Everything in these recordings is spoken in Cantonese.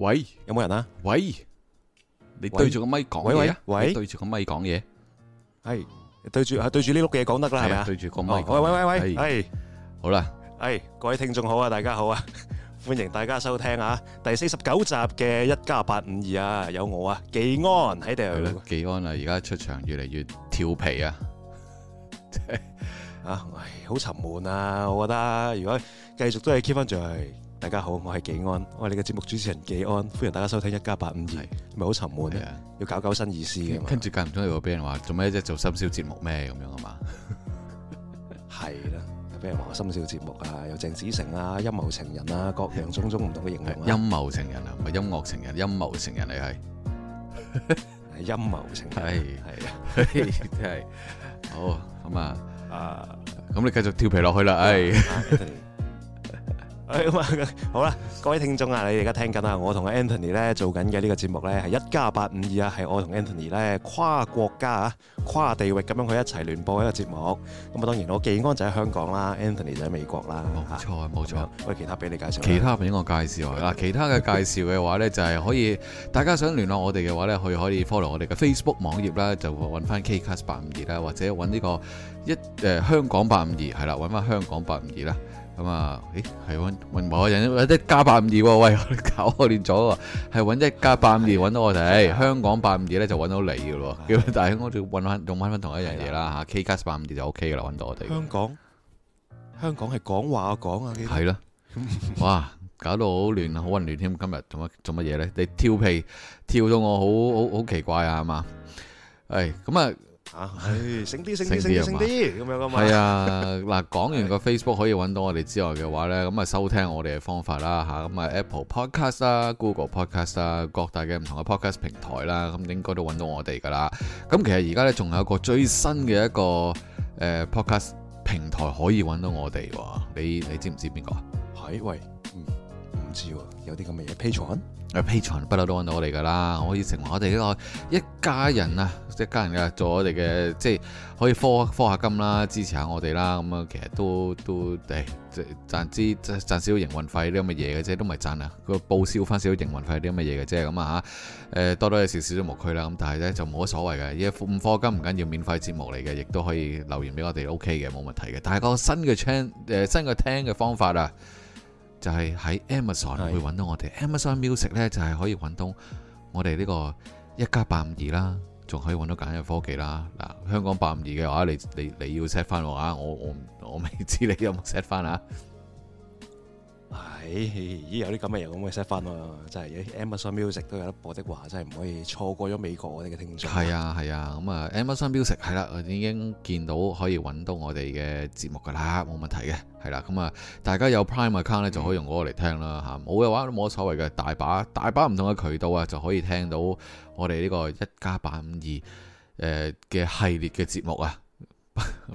喂，有冇人啊？喂，你對住個咪講嘢。喂喂喂，對住個咪講嘢。係對住對住呢碌嘢，講得啦。係咪？對住個咪講。喂喂喂喂，係好啦。係各位聽眾好啊，大家好啊，歡迎大家收聽啊，第四十九集嘅一加八五二啊，有我啊，技安喺度。係啦，技安啊，而家出場越嚟越調皮啊，啊，好沉悶啊，我覺得如果繼續都係 keep 住。大家好，我係紀安，我係你嘅節目主持人紀安，歡迎大家收聽一加八五二，咪好沉悶啊，要搞搞新意思嘅。跟住間唔中又俾人話做咩，即係做深宵節目咩咁樣啊嘛？係啦，又俾人話深宵節目啊，有鄭子誠啊，陰謀情人啦，各樣種種唔同嘅形容。陰謀情人啊，唔係音樂情人，陰謀情人你係。陰謀情係係啊，即係好咁啊，咁你繼續調皮落去啦，唉。 好啦，各位聽眾啊，你哋而家聽緊啊，我同 Anthony 咧做緊嘅呢個節目咧係一加八五二啊，係我同 Anthony 咧跨國家啊、跨地域咁樣去一齊聯播一個節目。咁啊，當然我技安就喺香港啦，Anthony 就喺美國啦。冇錯，冇錯。喂，其他俾你他介紹。 其他俾我介紹啊！其他嘅介紹嘅話咧，就係、是、可以大家想聯絡我哋嘅話咧，佢可以 follow 我哋嘅 Facebook 網頁啦，就揾翻 KCast 八五二啦，52，或者揾呢、呢個一誒、呃、香港八五二係啦，揾翻香港八五二啦。咁啊，誒、嗯，係揾揾埋我人，一加八五二喎，喂，搞我亂咗喎，係揾一加八五二揾到我哋的、欸，香港八五二咧就揾到你嘅咯，咁的但係我哋揾翻用翻翻同一樣嘢啦吓 K 加八五二就 OK 噶啦，揾到我哋。香港香港係講話講啊，係咯的， 哇，搞到好亂啊，好混亂添，今日做乜做乜嘢咧？你跳屁跳到我好好好，好奇怪、哎、啊，係嘛？係咁啊！吓，唉，啲，醒啲，醒啲，醒咁樣噶嘛。係啊，嗱，講完個 Facebook 可以揾到我哋之外嘅話呢，咁啊收聽我哋嘅方法啦，吓、啊，咁、嗯、啊 Apple Podcast 啊，Google Podcast 啊，各大嘅唔同嘅 Podcast 平台啦，咁應該都揾到我哋噶啦。咁其實而家呢，仲有一個最新嘅一個誒 Podcast 平台可以揾到我哋，你你知唔知邊個啊？係喂。嗯知喎，有啲咁嘅嘢，Patreon，啊 Patreon 不嬲都揾到我哋噶啦，可以成為我哋呢個一家人啊，一家人啊，做我哋嘅，即係可以科科下金啦，支持下我哋啦，咁、嗯、啊，其實都都誒、欸、賺支賺，賺，賺少少營運費啲咁嘅嘢嘅啫，都唔係賺啊，個報銷翻少少營運費啲咁嘅嘢嘅啫，咁啊嚇誒、呃、多多少少都冇拘啦，咁但係咧就冇乜所謂嘅，一唔科金唔緊要，免費節目嚟嘅，亦都可以留言俾我哋 OK 嘅，冇問題嘅。但係個新嘅聽誒新嘅聽嘅方法啊！就係喺 Amazon 會揾到我哋是的，Amazon Music 呢就係可以揾到我哋呢個一家八五二啦，仲可以揾到簡約科技啦。嗱，香講八五二嘅話，你你你要 set 翻我啊！我我我未知你有冇 set 翻啊？唉、哎，咦，有啲咁嘅嘢，咁嘅 set 翻喎，真係。Amazon Music 都有得播的話，真係唔可以錯過咗美國我哋嘅聽眾。係啊係啊，咁啊、嗯、Amazon Music 係啦、啊，已經見到可以揾到我哋嘅節目㗎啦，冇問題嘅。係啦，咁啊，大家有 Prime account 咧，就可以用嗰個嚟聽啦嚇。冇嘅、嗯、話都冇乜所謂嘅，大把大把唔同嘅渠道啊，就可以聽到我哋呢個一家八五二誒嘅系列嘅節目啊，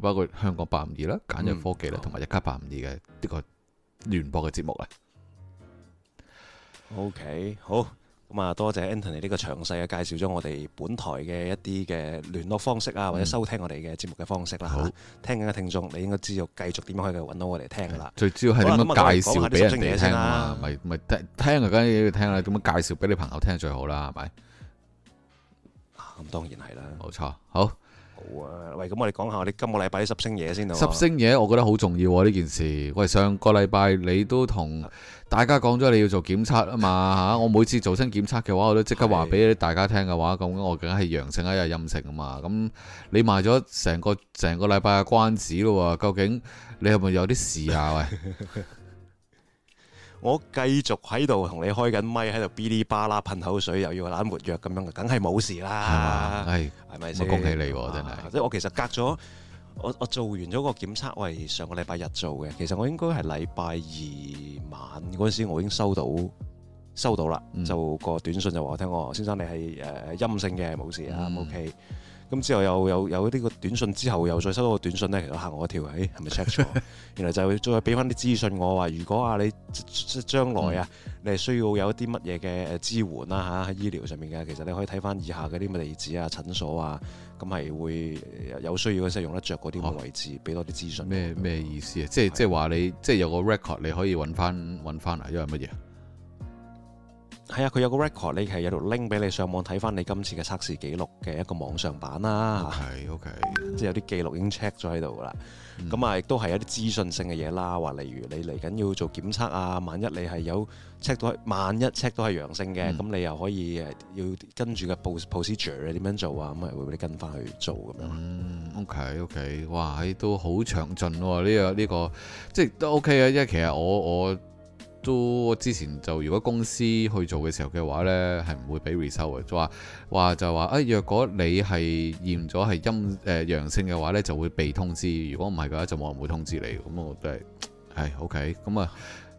包括香講八五二啦、簡約科技啦，同埋一家八五二嘅呢個。聯播嘅節目咧，OK，好，咁啊，多謝 Anthony 呢個詳細嘅介紹咗我哋本台嘅一啲嘅聯絡方式啊，或者收聽我哋嘅節目嘅方式啦。好，聽緊嘅聽眾，你應該知道繼續點樣可以揾到我哋聽噶啦。最主要係點樣介紹俾人哋聽啊？咪咪聽啊，梗係要聽啦。點樣介紹俾你朋友聽最好啦？係咪？咁當然係啦，冇錯，好。喂，咁我哋講下我哋今個禮拜啲濕星嘢先咯。濕星嘢我覺得好重要啊呢件事。喂，上個禮拜你都同大家講咗你要做檢測啊嘛吓， 我每次做親檢測嘅話，我都即刻話俾大家聽嘅話，咁 我梗係陽性啊，又陰性啊嘛。咁你賣咗成個成個禮拜嘅關子咯，究竟你係咪有啲事啊？喂？ 我繼續喺度同你開緊咪，喺度嗶哩吧啦噴口水，又要懶活躍咁樣嘅，梗係冇事啦。係，係咪先？我恭喜你喎，嗎真係！即係我其實隔咗，我我做完咗個檢測，我係上個禮拜日做嘅。其實我應該係禮拜二晚嗰陣時，我已經收到收到啦。就個短信就話聽我先生你係誒、呃、陰性嘅，冇事啊。OK、嗯。咁之後又又有呢啲個短信，之後又再收到個短信咧，其實嚇我一跳，誒係咪 check 錯？是是 原來就再俾翻啲資訊我話，如果啊你將來啊，你係需要有一啲乜嘢嘅支援啦嚇喺醫療上面嘅，嗯、其實你可以睇翻以下嗰啲乜地址啊、診所啊，咁係會有需要嗰陣用得着嗰啲位置，俾、哦、多啲資訊咩咩麼、那個、意思啊？對即係即係話你即係、就是、有個 record，你可以揾翻揾翻嚟，因為乜嘢？係啊，佢有個 record，你係有度 link 俾你上網睇翻你今次嘅測試記錄嘅一個網上版啦。係，OK，okay 即係有啲記錄已經 check 咗喺度啦。咁啊、嗯，亦都係一啲資訊性嘅嘢啦。話例如你嚟緊要做檢測啊，萬一你係有 check 到，萬一 check 到係陽性嘅，咁、嗯、你又可以誒要跟住個 pros procedure 點樣做啊？咁係會俾你跟翻去做咁樣。嗯，OK，OK，okay, okay，哇，都好詳盡喎！呢個呢個即係都 OK 啊。這個這個這個，okay，因為其實我我。都之前就如果公司去做嘅時候嘅話咧，係唔會俾 result 嘅，就話話就話誒，若果你係驗咗係陰誒陽性嘅話咧，就會被通知；如果唔係嘅話，就冇人會通知你。咁我覺得係 OK。咁啊，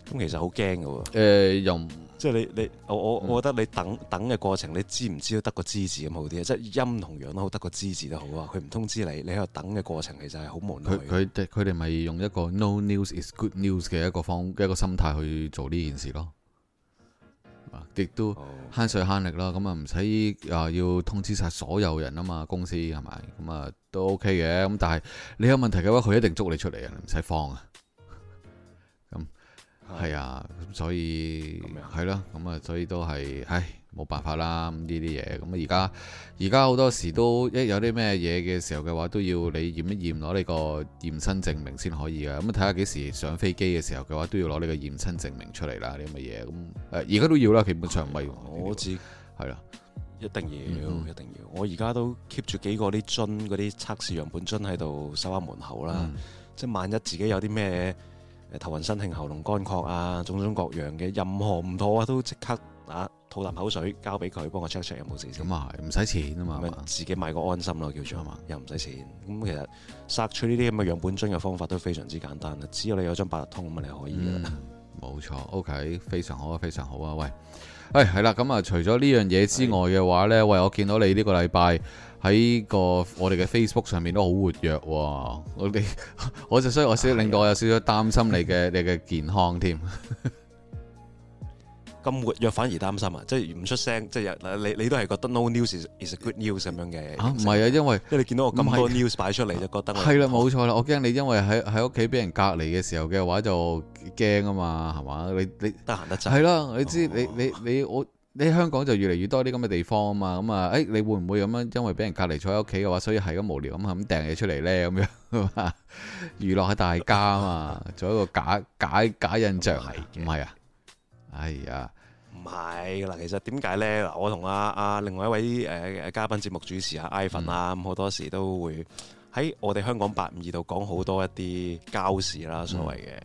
咁其實好驚嘅誒，又。即係你你我我覺得你等等嘅過程，你知唔知都得個知字咁好啲啊！即係音同樣都好，得個知字都好啊。佢唔通知你，你喺度等嘅過程其實係好無奈。佢佢佢哋咪用一個 no news is good news 嘅一個方一個心態去做呢件事咯。亦都慳水慳力啦。咁啊，唔使啊，要通知晒所有人啊嘛，公司係咪？咁啊，都 OK 嘅。咁但係你有問題嘅話，佢一定捉你出嚟啊，唔使慌啊！係啊，所以係咯，咁啊，所以都係，唉，冇辦法啦。呢啲嘢，咁而家而家好多時都一有啲咩嘢嘅時候嘅話，都要你驗一驗攞你個驗身證明先可以啊。咁睇下幾時上飛機嘅時候嘅話，都要攞你個驗身證明出嚟啦。啲咁嘅嘢，咁、嗯、誒，而家都要啦，嗯、基本上咪，了我知係啦，一定要，了一定要。Um, 我而家都 keep 住幾個啲樽嗰啲測試樣本樽喺度收喺門口啦，um, 即係萬一自己有啲咩。頭暈、身㷫、喉嚨乾渴啊，種種各樣嘅任何唔妥啊，都即刻啊吐啖口水交俾佢，幫我 check check 有冇事先。咁啊，唔使錢啊嘛，嘛自己買個安心咯，叫做啊嘛，又唔使錢。咁其實殺出呢啲咁嘅樣本樽嘅方法都非常之簡單啦。只要你有張八達通咁啊，你可以啊，冇錯、嗯。OK，非常好啊，非常好啊。喂，誒係啦，咁啊，除咗呢樣嘢之外嘅話咧，的喂，我見到你呢個禮拜。喺個我哋嘅 Facebook 上面都好活躍，哦，我 哋我就所以我少令到我有少少擔心你嘅，哎、呀你嘅健康添，咁 活躍反而擔心啊！即係唔出聲，即係你你都係覺得 no news is is good news 咁樣嘅。啊，唔係啊，因為因為見到我咁多 news 擺出嚟就覺得係啦，冇、啊、錯啦，我驚你因為喺喺屋企俾人隔離嘅時候嘅話就驚啊嘛，係嘛？你你得閒得滯係啦，你知、哦、你你你我。你香港就越嚟越多啲咁嘅地方啊嘛，咁啊，誒，你會唔會咁樣因為俾人隔離坐喺屋企嘅話，所以係咁無聊咁咁掟嘢出嚟呢？咁樣，娛樂下大家啊嘛，做一個假假假印象，唔係啊，係啊，唔係嗱，其實點解呢？嗱、啊，我同阿阿另外一位誒、啊、嘉賓節目主持阿、啊、iPhone 咁好多時都會喺我哋香港八五二度講好多一啲膠事啦、啊、所謂嘅。嗯。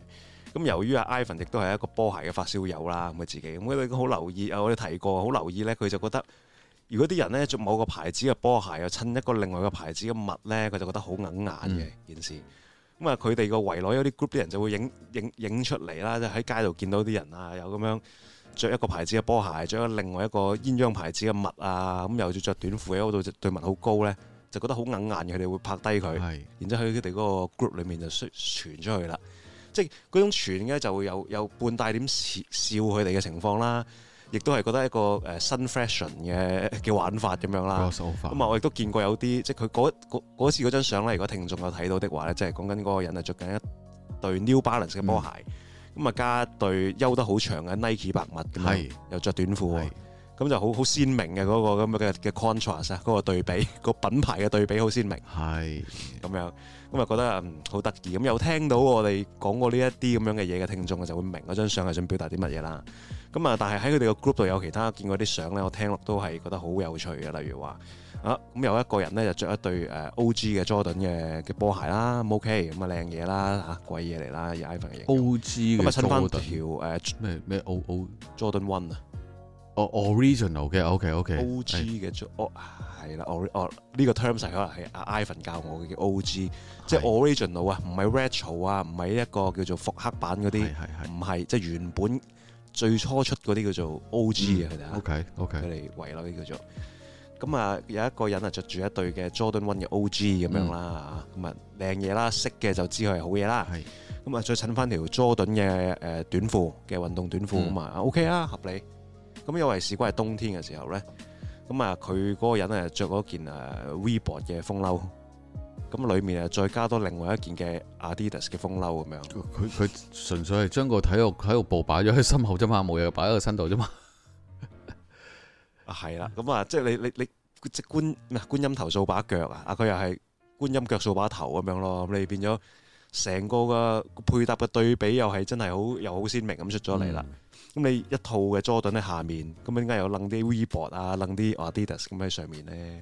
咁由於阿 Ivan 亦都係一個波鞋嘅發燒友啦，咁佢自己咁佢哋都好留意啊。我哋提過，好留意咧，佢就覺得如果啲人咧着某個牌子嘅波鞋，又襯一個另外個牌子嘅襪咧，佢就覺得好硬眼嘅件事。咁啊，佢哋個圍內有啲 group 啲人就會影影影出嚟啦，就喺街度見到啲人啊，有咁樣着一個牌子嘅、嗯就是、波鞋，着咗另外一個鴛鴦牌子嘅襪啊，咁又著著短褲喺嗰度對襪好高咧，就覺得好硬眼嘅，佢哋會拍低佢，是的 然之後喺佢哋嗰個 group 裡面就傳出去啦。即係嗰種傳咧就會有有半帶點笑佢哋嘅情況啦，亦都係覺得一個誒、呃、新 fashion 嘅嘅玩法咁樣啦。咁啊、嗯，我亦都見過有啲即係佢嗰次嗰張相咧，如果聽眾有睇到的話咧，即係講緊嗰個人啊着緊一對 New Balance 嘅波鞋，咁啊、嗯、加一對悠得好長嘅 Nike 白襪，係是又着短褲，咁是就好好鮮明嘅嗰、那個咁嘅嘅 contrast 啊，嗰、那個那個那個那個對比、那個品牌嘅對比好鮮明，係咁是樣。咁啊覺得好得意咁，嗯、有又聽到我哋講過呢一啲咁樣嘅嘢嘅聽眾，就會明嗰張相係想表達啲乜嘢啦。咁啊，但係喺佢哋個 group 度有其他見過啲相咧，我聽落都係覺得好有趣嘅。例如話啊，咁有一個人咧就着一對誒 O.G. 嘅 Jordan 嘅嘅波鞋啦、嗯、，OK，咁啊靚嘢啦嚇，貴嘢嚟啦，有 iPhone 嘅 O.G. 嘅 Jordan 條咩咩 O.O Jordan One 啊。哦，original 嘅，OK，OK，O.G. 嘅係啦，哦哦，呢個 terms 係可能係阿 Ivan 教我嘅，叫 O.G. 即係 original 啊，唔係 retro 啊，唔係一個叫做複刻版嗰啲，唔係即係原本最初出嗰啲叫做 O.G. 啊，OK，OK，佢哋圍咯呢叫做。咁啊，有一個人啊，着住一對嘅 Jordan One 嘅 O.G. 咁樣啦，咁啊靚嘢啦，識嘅就知佢係好嘢啦，咁啊再襯翻條 Jordan 嘅誒短褲嘅運動短褲啊 OK 啊，合理。咁又、嗯、其事，嗰日冬天嘅時候咧，咁啊佢嗰個人啊着嗰件誒 Weber 嘅風褸，咁裏面啊再加多另外一件嘅 Adidas 嘅風褸咁樣。佢佢純粹係將個體育體育部擺咗喺心口啫嘛，冇嘢擺喺個身度啫嘛。啊係啦，咁啊即係你你你，你即觀咩觀音頭掃把腳啊？啊佢又係觀音腳掃把頭咁樣咯。咁你變咗成個嘅配搭嘅對比又係真係好又好鮮明咁出咗嚟啦。嗯咁你一套嘅 Jordan 喺下面，咁點解有掟啲 Vibord 啊，掟啲 Adidas 咁喺上面咧？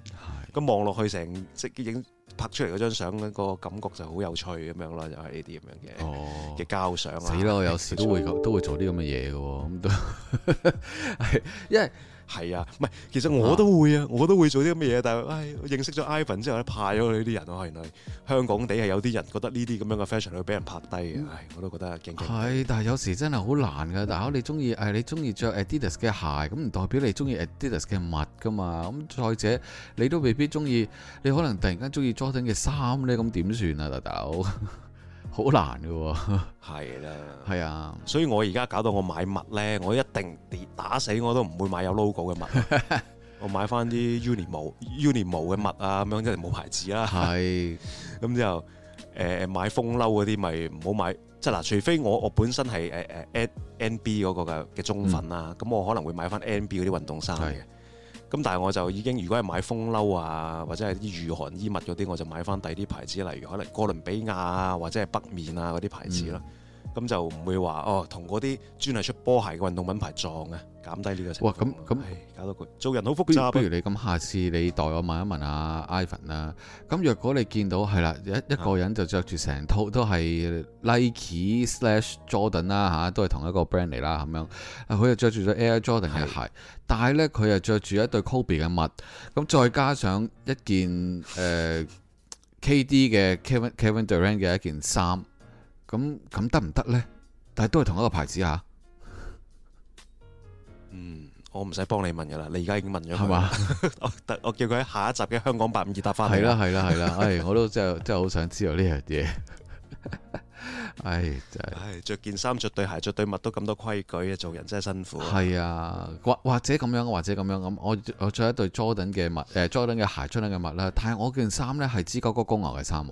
咁望落去成即係影拍出嚟嗰張相，嗰、嗰個感覺就好有趣咁樣咯，又係呢啲咁樣嘅嘅膠相。死啦！我有時都會都會做啲咁嘅嘢嘅，咁都係， 因為。係啊，唔係，其實我都會啊，我都會做啲咁嘅嘢，但係，唉，我認識咗 Ivan 之後咧，派咗佢呢啲人喎，原來香港地係有啲人覺得呢啲咁樣嘅 fashion 會俾人拍低啊，係、嗯，我都覺得啊，勁勁係，但係有時真係好難㗎，大佬，你中意，係你中意著 Adidas 嘅鞋，咁唔代表你中意 Adidas 嘅襪㗎嘛，咁再者，你都未必中意，你可能突然間中意 Jordan 嘅衫咧，咁點算啊，豆豆？好難嘅喎，係啦，係啊，啊 啊所以我而家搞到我買襪咧，我一定跌打死我都唔會買有 logo 嘅襪，我買翻啲 uni 帽、uni 帽嘅襪啊，咁、 啊、樣即係冇牌子啦、啊。係是，咁 之後，誒、呃、買風褸嗰啲咪唔好買，即係嗱、呃，除非我我本身係誒誒 at N B 嗰個嘅嘅忠粉啊，咁、嗯、我可能會買翻 N B 嗰啲運動衫嘅。咁但係我就已經，如果係買風褸啊，或者係啲御寒衣物嗰啲，我就買翻第二啲牌子，例如可能哥倫比亞啊，或者係北面啊嗰啲牌子啦。嗯咁就唔會話哦，同嗰啲專係出波鞋嘅運動品牌撞嘅，減低呢個情況。哇！咁咁，搞到佢做人好複雜、啊。不不如你咁，下次你代我問一問阿 Ivan 啦。咁若果你見到係啦，一、啊、一個人就着住成套都係 Nike Slash Jordan 啦、啊、嚇，都係同一個 brand 嚟啦咁樣。佢又着住咗 Air Jordan 嘅鞋，是但係咧佢又着住一對 Kobe 嘅襪。咁再加上一件誒、呃、KD 嘅 Kevin Kevin Durant 嘅一件衫。咁咁得唔得咧？但係都係同一個牌子吓。嗯，我唔使幫你問噶啦，你而家已經問咗係嘛？我我叫佢喺下一集嘅香講852答翻你。係啦係啦係啦，係我都真係真係好想知道呢樣嘢。唉真係。唉，着件衫着對鞋着對襪都咁多規矩，做人真係辛苦。係啊，或或者咁樣，或者咁樣咁。我我着一對 Jordan 嘅襪，誒 Jordan 嘅鞋出嚟嘅襪啦。但係我件衫咧，係芝加哥公牛嘅衫。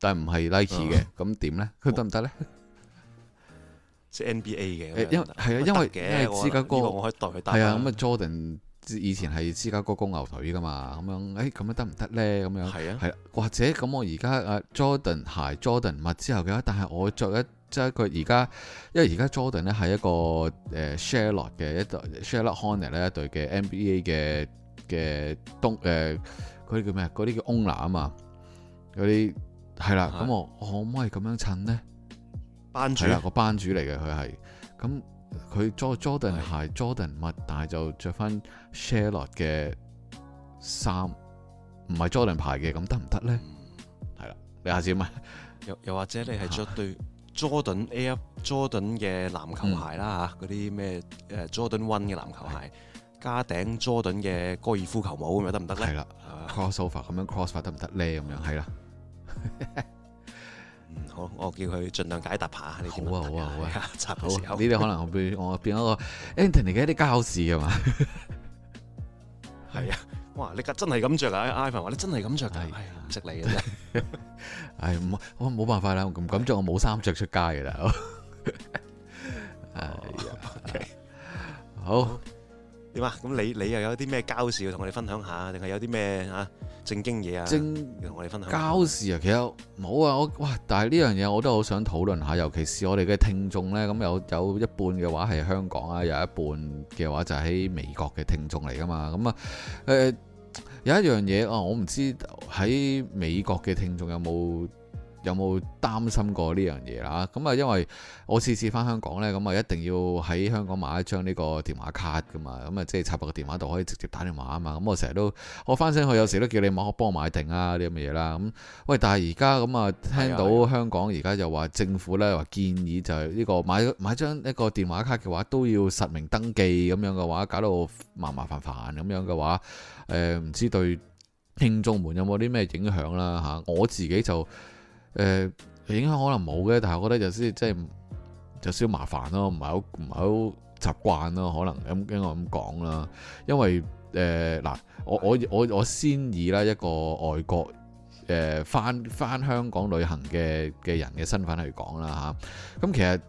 但唔係 Nike 嘅，咁點咧？佢得唔得咧？呢即 NBA 嘅，誒因係啊，因為因為芝加哥我可以代佢係啊。咁啊，Jordan 以前係芝加哥公牛隊噶嘛，咁樣誒咁、欸、樣得唔得咧？咁樣係啊，係啦、啊，或者咁我而家啊 Jordan 鞋 Jordan 襪之後嘅，但係我著一即係佢而家，因為而家 Jordan 咧係一個誒 Charlotte 嘅一隊 Charlotte Hornets 咧一隊嘅 NBA 嘅嘅東誒嗰啲叫咩嗰啲叫，叫 Owner 啊嘛嗰啲。係啦，咁我可唔可以咁樣襯呢？班主係啦，個班主嚟嘅佢係咁佢 Jordan 鞋、Jordan 襪對，但係就着翻 Sherlock 嘅衫，唔係 Jordan 牌嘅，咁得唔得咧？係啦、嗯，你下次問又又或者你係着對 Jordan Air Jordan 嘅籃球鞋啦嚇，嗰啲咩誒 Jordan One 嘅籃球鞋，加頂 Jordan 嘅高爾夫球帽，咁得唔得咧？係啦了、嗯、，Crossover 咁樣 Crossover 得唔得咧？咁樣係啦。 好，我叫佢盡量解答下呢啲。你好啊，好啊，好啊，呢啲 可能我變我變咗個 Anthony 嘅一啲膠事啊嘛。係 啊，哇！你真係咁着啊？Ivan 話你真係咁着噶，係唔識你嘅啫。唉，冇、 哎，我冇辦法啦，咁咁着我冇衫着出街嘅啦。係 啊、哎呀， 好。Okay. 好點啊？咁你你又有啲咩交事要同我哋分享下？定係有啲咩啊正經嘢，啊？正同我哋分享交事啊？其實冇啊！我哇！但係呢樣嘢我都好想討論下，尤其是我哋嘅聽眾呢。咁、嗯、有有一半嘅話係香港啊，有一半嘅話就喺美國嘅聽眾嚟噶嘛。咁、嗯、啊，誒、呃、有一樣嘢啊，我唔知喺美國嘅聽眾有冇。有冇擔心過呢樣嘢啦？咁啊，因為我次次翻香港呢，咁啊一定要喺香港買一張呢個電話卡噶嘛。咁啊，即係插落個電話度可以直接打電話啊嘛。咁我成日都我翻先去，有時都叫你馬可幫我買定啊啲咁嘅嘢啦。咁喂，但係而家咁啊，聽到香港而家又話政府咧話建議就係呢個買買一張一個電話卡嘅話都要實名登記咁樣嘅話，搞到麻麻煩煩咁樣嘅話，誒、呃、唔知對聽眾們有冇啲咩影響啦嚇？我自己就。誒、呃、影響可能冇嘅，但係我覺得就先即係有少少麻煩咯，唔係好唔係好習慣咯，可能咁咁我咁講啦。因為誒嗱、呃，我的我我我先以啦一個外國誒返返香港旅行嘅嘅人嘅身份去講啦吓。咁、啊、其實誒、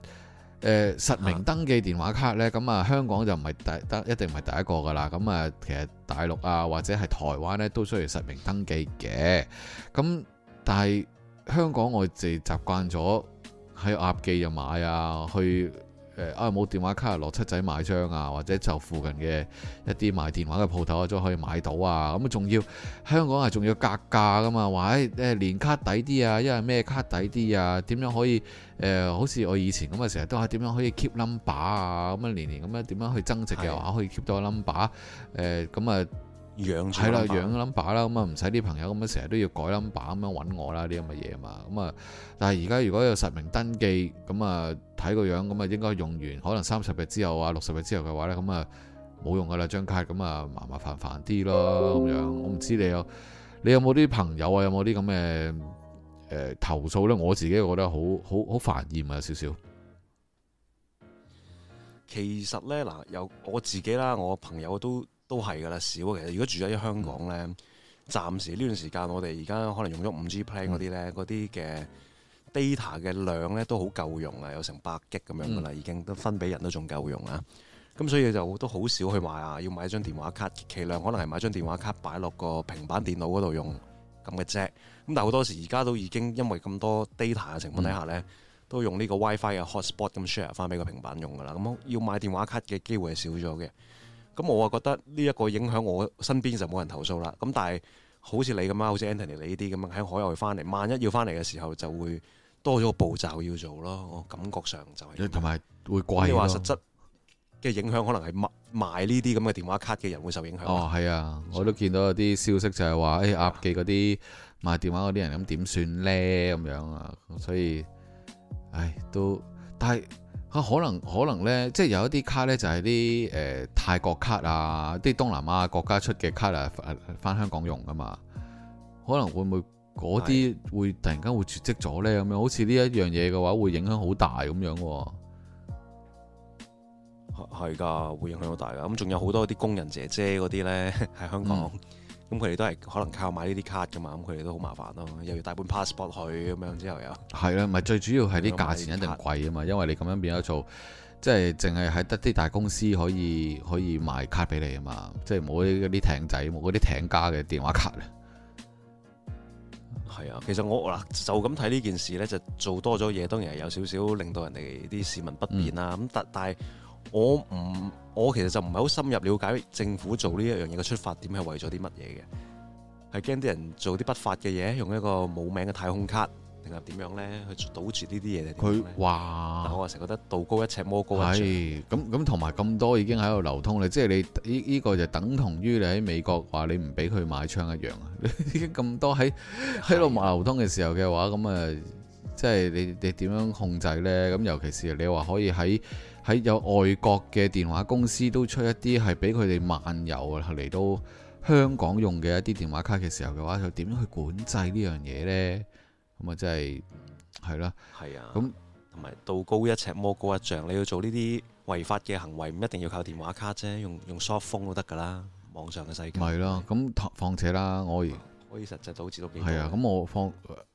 呃、實名登記電話卡呢，咁、嗯、啊香港就唔係第得一定唔係第一個㗎啦。咁、嗯、啊其實大陸啊或者係台灣呢，都需要實名登記嘅。咁、嗯、但係香港我哋習慣咗喺鴨記啊買啊，去誒啊冇電話卡啊落七仔買張啊，或者就附近嘅一啲賣電話嘅鋪頭都可以買到啊。咁啊仲要香港係仲要格價噶嘛？話誒誒年卡抵啲啊，因為咩卡抵啲啊？點樣可以誒、呃？好似我以前咁啊，成日都話點樣可以 keep number 啊？咁啊年年咁啊點樣去增值嘅話，的可以 keep 到個 number 咁、呃、啊？係啦，養 number 啦，咁啊唔使啲朋友咁樣成日都要改 number 咁樣揾我啦，啲咁嘅嘢嘛，咁啊，但係而家如果有實名登記，咁啊睇個樣咁啊，應該用完可能三十日之後啊，六十日之後嘅話咧，咁啊冇用噶啦，張卡咁啊麻麻煩煩啲咯，咁樣我唔知你有，你有冇啲朋友啊，有冇啲咁嘅誒投訴咧？我自己覺得好好好煩厭啊，少少。其實咧嗱，有我自己啦，我朋友都。都係㗎啦，少，其實如果住喺香港呢，嗯、暫時呢段時間我哋而家可能用咗 5G plan 嗰啲呢，嗰啲嘅 data 嘅量呢都好夠用啊，有成百 G 咁樣噶啦，嗯、已經都分俾人都仲夠用啦。咁所以就都好少去買啊，要買一張電話卡，其量可能係買張電話卡擺落個平板電腦嗰度用咁嘅啫。咁但係好多時而家都已經因為咁多 data 嘅情況底下呢，嗯、都用呢個 WiFi 嘅 hotspot 咁 share 翻俾個平板用㗎啦。咁要買電話卡嘅機會係少咗嘅。咁我啊覺得呢一個影響我身邊就冇人投訴啦。咁但係好似你咁樣，好似 Anthony 你呢啲咁樣喺海外翻嚟，萬一要翻嚟嘅時候就會多咗個步驟要做咯。我感覺上就係同埋會貴。你話實質嘅影響可能係賣賣呢啲咁嘅電話卡嘅人會受影響。哦，係啊，我都見到有啲消息就係話誒鴨記嗰啲賣電話嗰啲人咁點算咧咁樣啊，所以唉都但係。啊，可能可能咧，即係有一啲卡咧，就係啲誒泰國卡啊，啲東南亞國家出嘅卡啊，返香港用噶嘛，可能會唔會嗰啲會突然間會絕跡咗咧？咁樣好似呢一樣嘢嘅話，會影響好大咁樣，係係噶，會影響好大噶，咁仲有好多啲工人姐姐嗰啲咧喺香港，嗯。咁佢哋都係可能靠買呢啲卡㗎嘛，咁佢哋都好麻煩咯、啊，又要帶本 passport 去咁樣，之後又係啦，唔係、啊、最主要係啲價錢一定貴啊嘛，因為你咁樣變咗做，即係淨係喺得啲大公司可以可以賣卡俾你啊嘛，即係冇啲啲艇仔，冇嗰啲艇家嘅電話卡咧。係啊，其實我嗱就咁睇呢件事咧，就做多咗嘢，當然係有少少令到人哋啲市民不便啦。咁、嗯嗯、但但係我唔。我其實就唔係好深入了解政府做呢一樣嘢嘅出發點係為咗啲乜嘢嘅，係驚啲人做啲不法嘅嘢，用一個冇名嘅太空卡定係點樣咧去堵住呢啲嘢？佢話，哇，但係我成日覺得道高一尺魔高一丈。咁咁同埋咁多已經喺度流通啦，即係你呢依、呢個就等同於你喺美國話你唔俾佢買槍一樣啊！咁 多喺喺度流通嘅時候嘅話，咁啊的即係你你點樣控制咧？咁尤其是你話可以喺喺有外國嘅電話公司都出一啲係俾佢哋漫遊嚟到香港用嘅一啲電話卡嘅時候嘅話，又點樣去管制呢樣嘢呢？咁啊真係係啦，係啊，咁同埋道高一尺魔高一丈，你要做呢啲違法嘅行為，唔一定要靠電話卡啫，用用 softphone 都得噶啦，網上嘅世界。係咯，咁況且啦，我。可以實際導致到幾？係啊，咁我放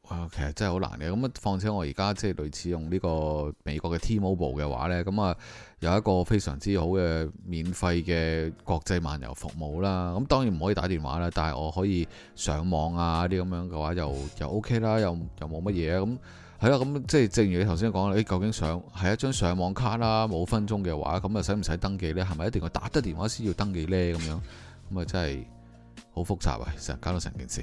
啊，其實真係好難嘅。咁啊，況且我而家即係類似用呢個美國嘅 T-Mobile 嘅話呢，咁啊有一個非常之好嘅免費嘅國際漫遊服務啦。咁當然唔可以打電話啦，但係我可以上網啊啲咁樣嘅話又又 OK 啦，又又冇乜嘢。咁係啦，咁、啊、即係正如你頭先講，你、欸、究竟上係一張上網卡啦，冇分鐘嘅話，咁啊使唔使登記呢？係咪一定要打得電話先要登記呢？咁樣咁啊真係。好複雜啊！成搞到成件事，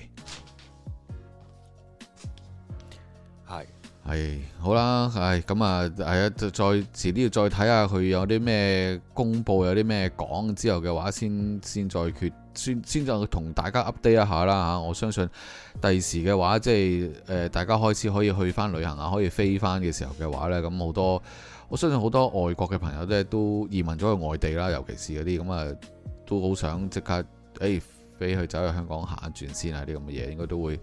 係係 Hi. 好啦，係咁啊，係啊，再遲啲要再睇下佢有啲咩公佈，有啲咩講之後嘅話，先先再決，先先再同大家 update 一下啦嚇。我相信第時嘅話，即係誒，大家開始可以去翻旅行啊，可以飛翻嘅時候嘅話呢，咁好多我相信好多外國嘅朋友呢，都移民咗去外地啦，尤其是嗰啲咁啊，都好想即刻誒。欸俾佢走去香港行一轉先啊！啲咁嘅嘢，應該都會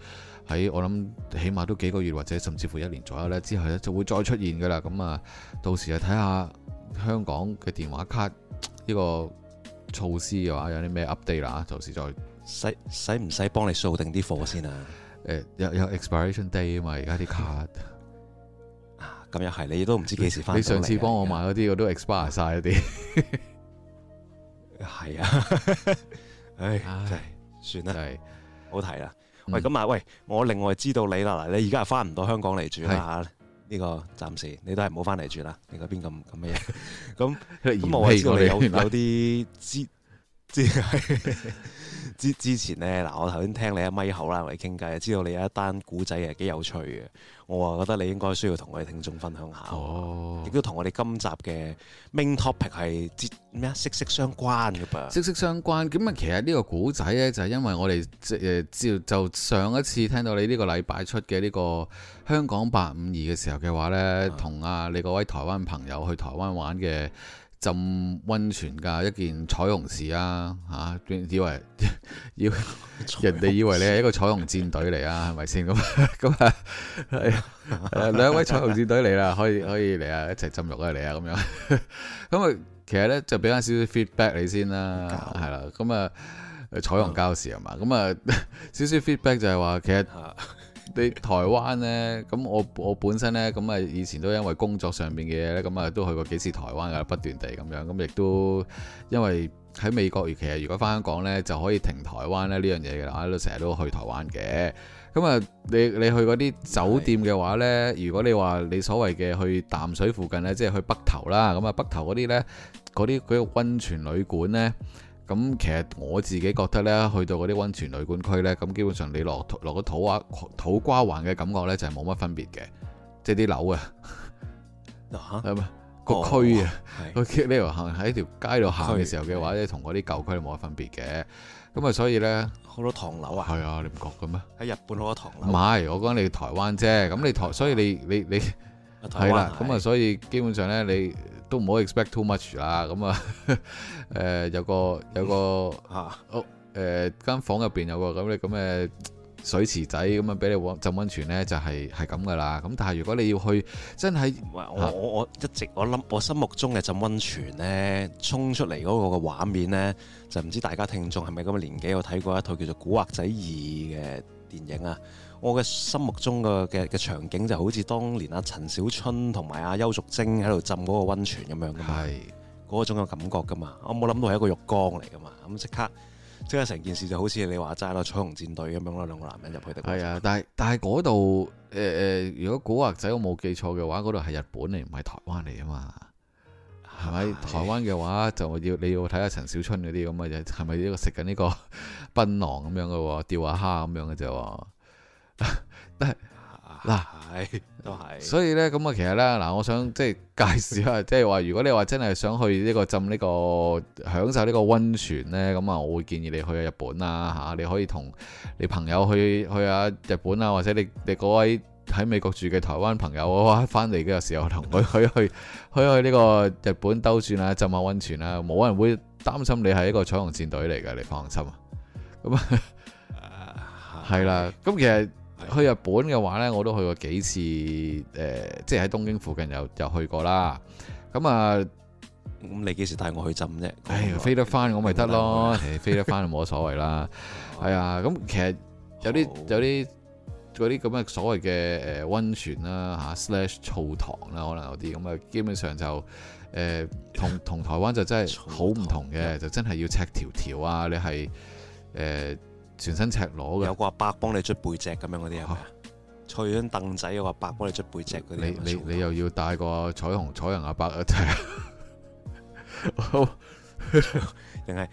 喺我諗，起碼都幾個月或者甚至乎一年左右咧。之後咧就會再出現噶啦。咁啊，到時就睇下香港嘅電話卡呢個措施嘅話，有啲咩 update 啦？啊，到時再使使唔使幫你掃定啲貨先啊？誒、欸，有有 expiration day 啊嘛，而家啲卡 啊，咁又係你都唔知幾時返、啊。你上次幫我買嗰啲，在我都 expire 晒嗰啲。係 是啊。 唉，唉算啦，好、就是、提啦。喂、嗯，咁啊，喂，我另外知道你啦。嗱，你而家係翻唔到香港嚟住啦嚇，呢個暫時你都係唔好翻嚟住啦。你嗰邊咁咁嘅嘢，咁咁我我知道你有有啲知。之 之前呢，嗱，我頭先聽你一咪口啦，同你傾偈，知道你有一單古仔係幾有趣嘅，我話覺得你應該需要同我哋聽眾分享下，哦，亦都同我哋今集嘅 main topic 係咩啊，息息相關噶噃，息息相關，咁啊，其實呢個古仔呢，就係因為我哋誒知就上一次聽到你呢個禮拜出嘅呢、呢個香講八五二嘅時候嘅話呢，同啊、嗯、你嗰位台灣朋友去台灣玩嘅。浸温泉㗎，一件彩虹事啊嚇、啊，以為要人哋以為你係一個彩虹戰隊嚟啊，係咪先咁咁啊？係 兩位彩虹戰隊嚟啦，可以可以嚟啊，一齊浸浴啊，嚟啊咁樣。咁啊，其實咧就俾翻少少 feedback 你先啦，係的啦，咁、嗯、啊彩虹膠事係嘛，咁啊的是吧 少少 feedback 就係話其實。啊台灣呢，咁我我本身呢，咁啊以前都因為工作上面嘅嘢呢，咁啊都去過幾次台灣噶，不斷地咁樣，咁亦都因為喺美國而其實如果翻香港呢，就可以停台灣咧呢樣嘢噶啦，喺度成日都去台灣嘅。咁啊，你你去嗰啲酒店嘅話呢，如果你話你所謂嘅去淡水附近呢，即係去北投啦，咁啊北投嗰啲呢，嗰啲嗰個温泉旅館呢。咁其實我自己覺得呢，去到嗰啲温泉旅館區呢，咁基本上你落落個土瓦土瓜灣嘅感覺呢，就係冇乜分別嘅，即係啲、啊啊哦、樓啊，係咪個區啊？你又行喺條街度行嘅時候嘅話呢，同嗰啲舊區冇乜分別嘅。咁啊，所以呢，好多唐樓啊，係啊，你唔覺嘅咩？喺日本好多唐樓，唔係我講你台灣啫。咁你台，所以你你你係啦。咁啊，所以基本上呢，你。都唔好 expect too much 啦，咁、 呃、啊，誒、哦呃、有個有個屋誒間房入邊有個咁咧咁嘅水池仔，咁啊俾你浸温泉咧就係係咁噶啦，咁但係如果你要去真係，我我我一直我諗我心目中嘅浸温泉咧，衝出嚟嗰個嘅畫面咧，就唔知大家聽眾係咪咁嘅年紀，我睇過一套叫做《古惑仔二》嘅電影啊？我嘅心目中嘅嘅嘅場景就好似當年阿、啊、陳小春同埋阿邱淑貞喺度浸嗰個温泉咁樣噶嘛，嗰是種嘅感覺噶嘛，我冇諗到係一個浴缸嚟噶嘛，咁、嗯、即刻即刻成件事就好似你話齋咯，彩虹戰隊咁樣咯，兩個男人入去嘅。係啊，但係但係嗰度誒誒，如果古惑仔我冇記錯嘅話，嗰度係日本嚟，唔係台灣嚟啊嘛，係咪？唉台灣嘅話就要你要睇下陳小春嗰啲咁嘅嘢，係咪一個食緊呢個檳榔咁樣嘅喎，釣下蝦咁樣嘅啫。嗱 嗱、啊，都、啊、係，所以咧咁啊，其實咧嗱，我想即係介紹下。即係話如果你話真係想去呢個浸呢、呢個享受個溫呢個溫泉咧，咁啊，我會建議你去日本啊吓、啊，你可以同你朋友去去啊日本啊，或者你你嗰位喺美國住嘅台灣朋友啊，翻嚟嘅時候同佢去去，去去去去呢個日本兜轉啊，浸下溫泉啊，冇人會擔心你係一個彩虹戰隊嚟嘅，你放心，咁啊係啦，咁、啊啊 啊啊、其實。去日本嘅話咧，我都去過幾次，誒、呃，即係喺東京附近又又去過啦。咁啊，咁你幾時帶我去浸啫？唉、哎呦，飛得翻咁咪得咯， 飛得翻就冇乜所謂啦。係 啊，咁其實有啲好有啲啲咁嘅所謂嘅誒溫泉啦，吓、啊、，slash 澡堂啦，可能有啲咁啊。基本上就誒同同台灣就真係好唔同嘅，就真係要赤條條啊！你係誒。呃全身赤裸嘅，有個阿伯幫你捽背脊咁樣嗰啲係咪？係係啊、坐張凳仔嘅阿伯幫你捽背脊嗰啲，你你你又要帶個彩虹彩虹阿伯一齊？好， 定係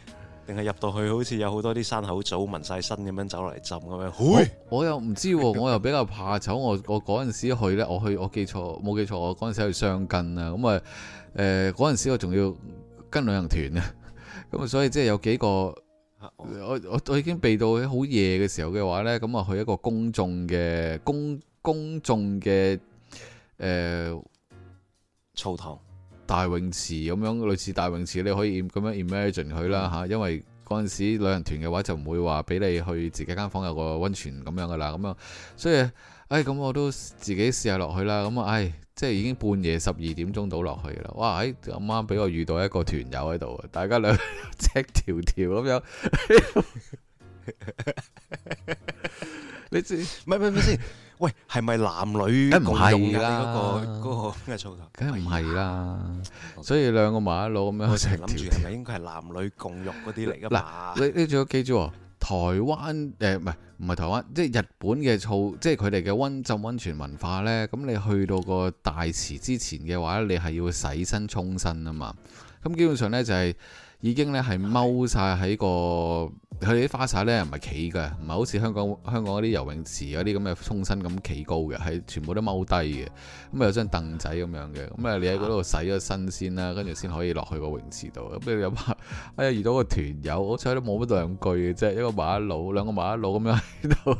定係入到去好似有好多啲山口組紋晒身咁樣走落嚟浸咁樣。 我又唔知，我又比較怕醜。我我嗰陣時去咧，我去我記錯冇記錯，我嗰陣時去箱根啊。咁啊，誒，嗰陣時我仲要跟旅行團啊。咁啊，所以即係有幾個。我我已經避到好夜嘅時候嘅話呢，咁啊去一個公眾嘅公公眾嘅誒澡堂、呃、塘大泳池咁樣，類似大泳池你可以咁樣 imagine 去啦吓，因為嗰陣時旅行團嘅話就唔會話俾你去自己間房有個溫泉咁樣噶啦，咁樣所以唉，咁我都自己試下落去啦，咁啊唉。即係已經半夜十二點鐘到落去啦！哇，喺啱啱俾我遇到一個團友喺度啊，大家兩赤條條咁樣。 你唔係唔係先？等等等等喂，係咪男女共用嘅嗰個嗰個咩操頭？梗係唔係啦！啦哎、呀所以兩個麻甩佬咁樣。我正諗住係咪應該係男女共用嗰啲嚟噶嗱，你仲組記住、哦。台灣，誒唔係，唔係台灣，即係日本嘅醋，即係佢哋嘅溫浸溫泉文化呢。咁你去到個大池之前嘅話呢，你係要洗身沖身啊嘛。咁基本上呢，就係、是。已經咧係踎晒喺個佢哋啲花灑咧，唔係企嘅，唔係好似香港香港啲游泳池嗰啲咁嘅沖身咁企高嘅，係全部都踎低嘅。咁啊有張凳仔咁樣嘅，咁啊你喺嗰度洗咗身先啦，跟住先可以落去個泳池度。咁啊有拍哎呀遇到個團友，好彩都冇乜兩句嘅啫，一個麻甩佬兩個麻甩佬咁樣喺度，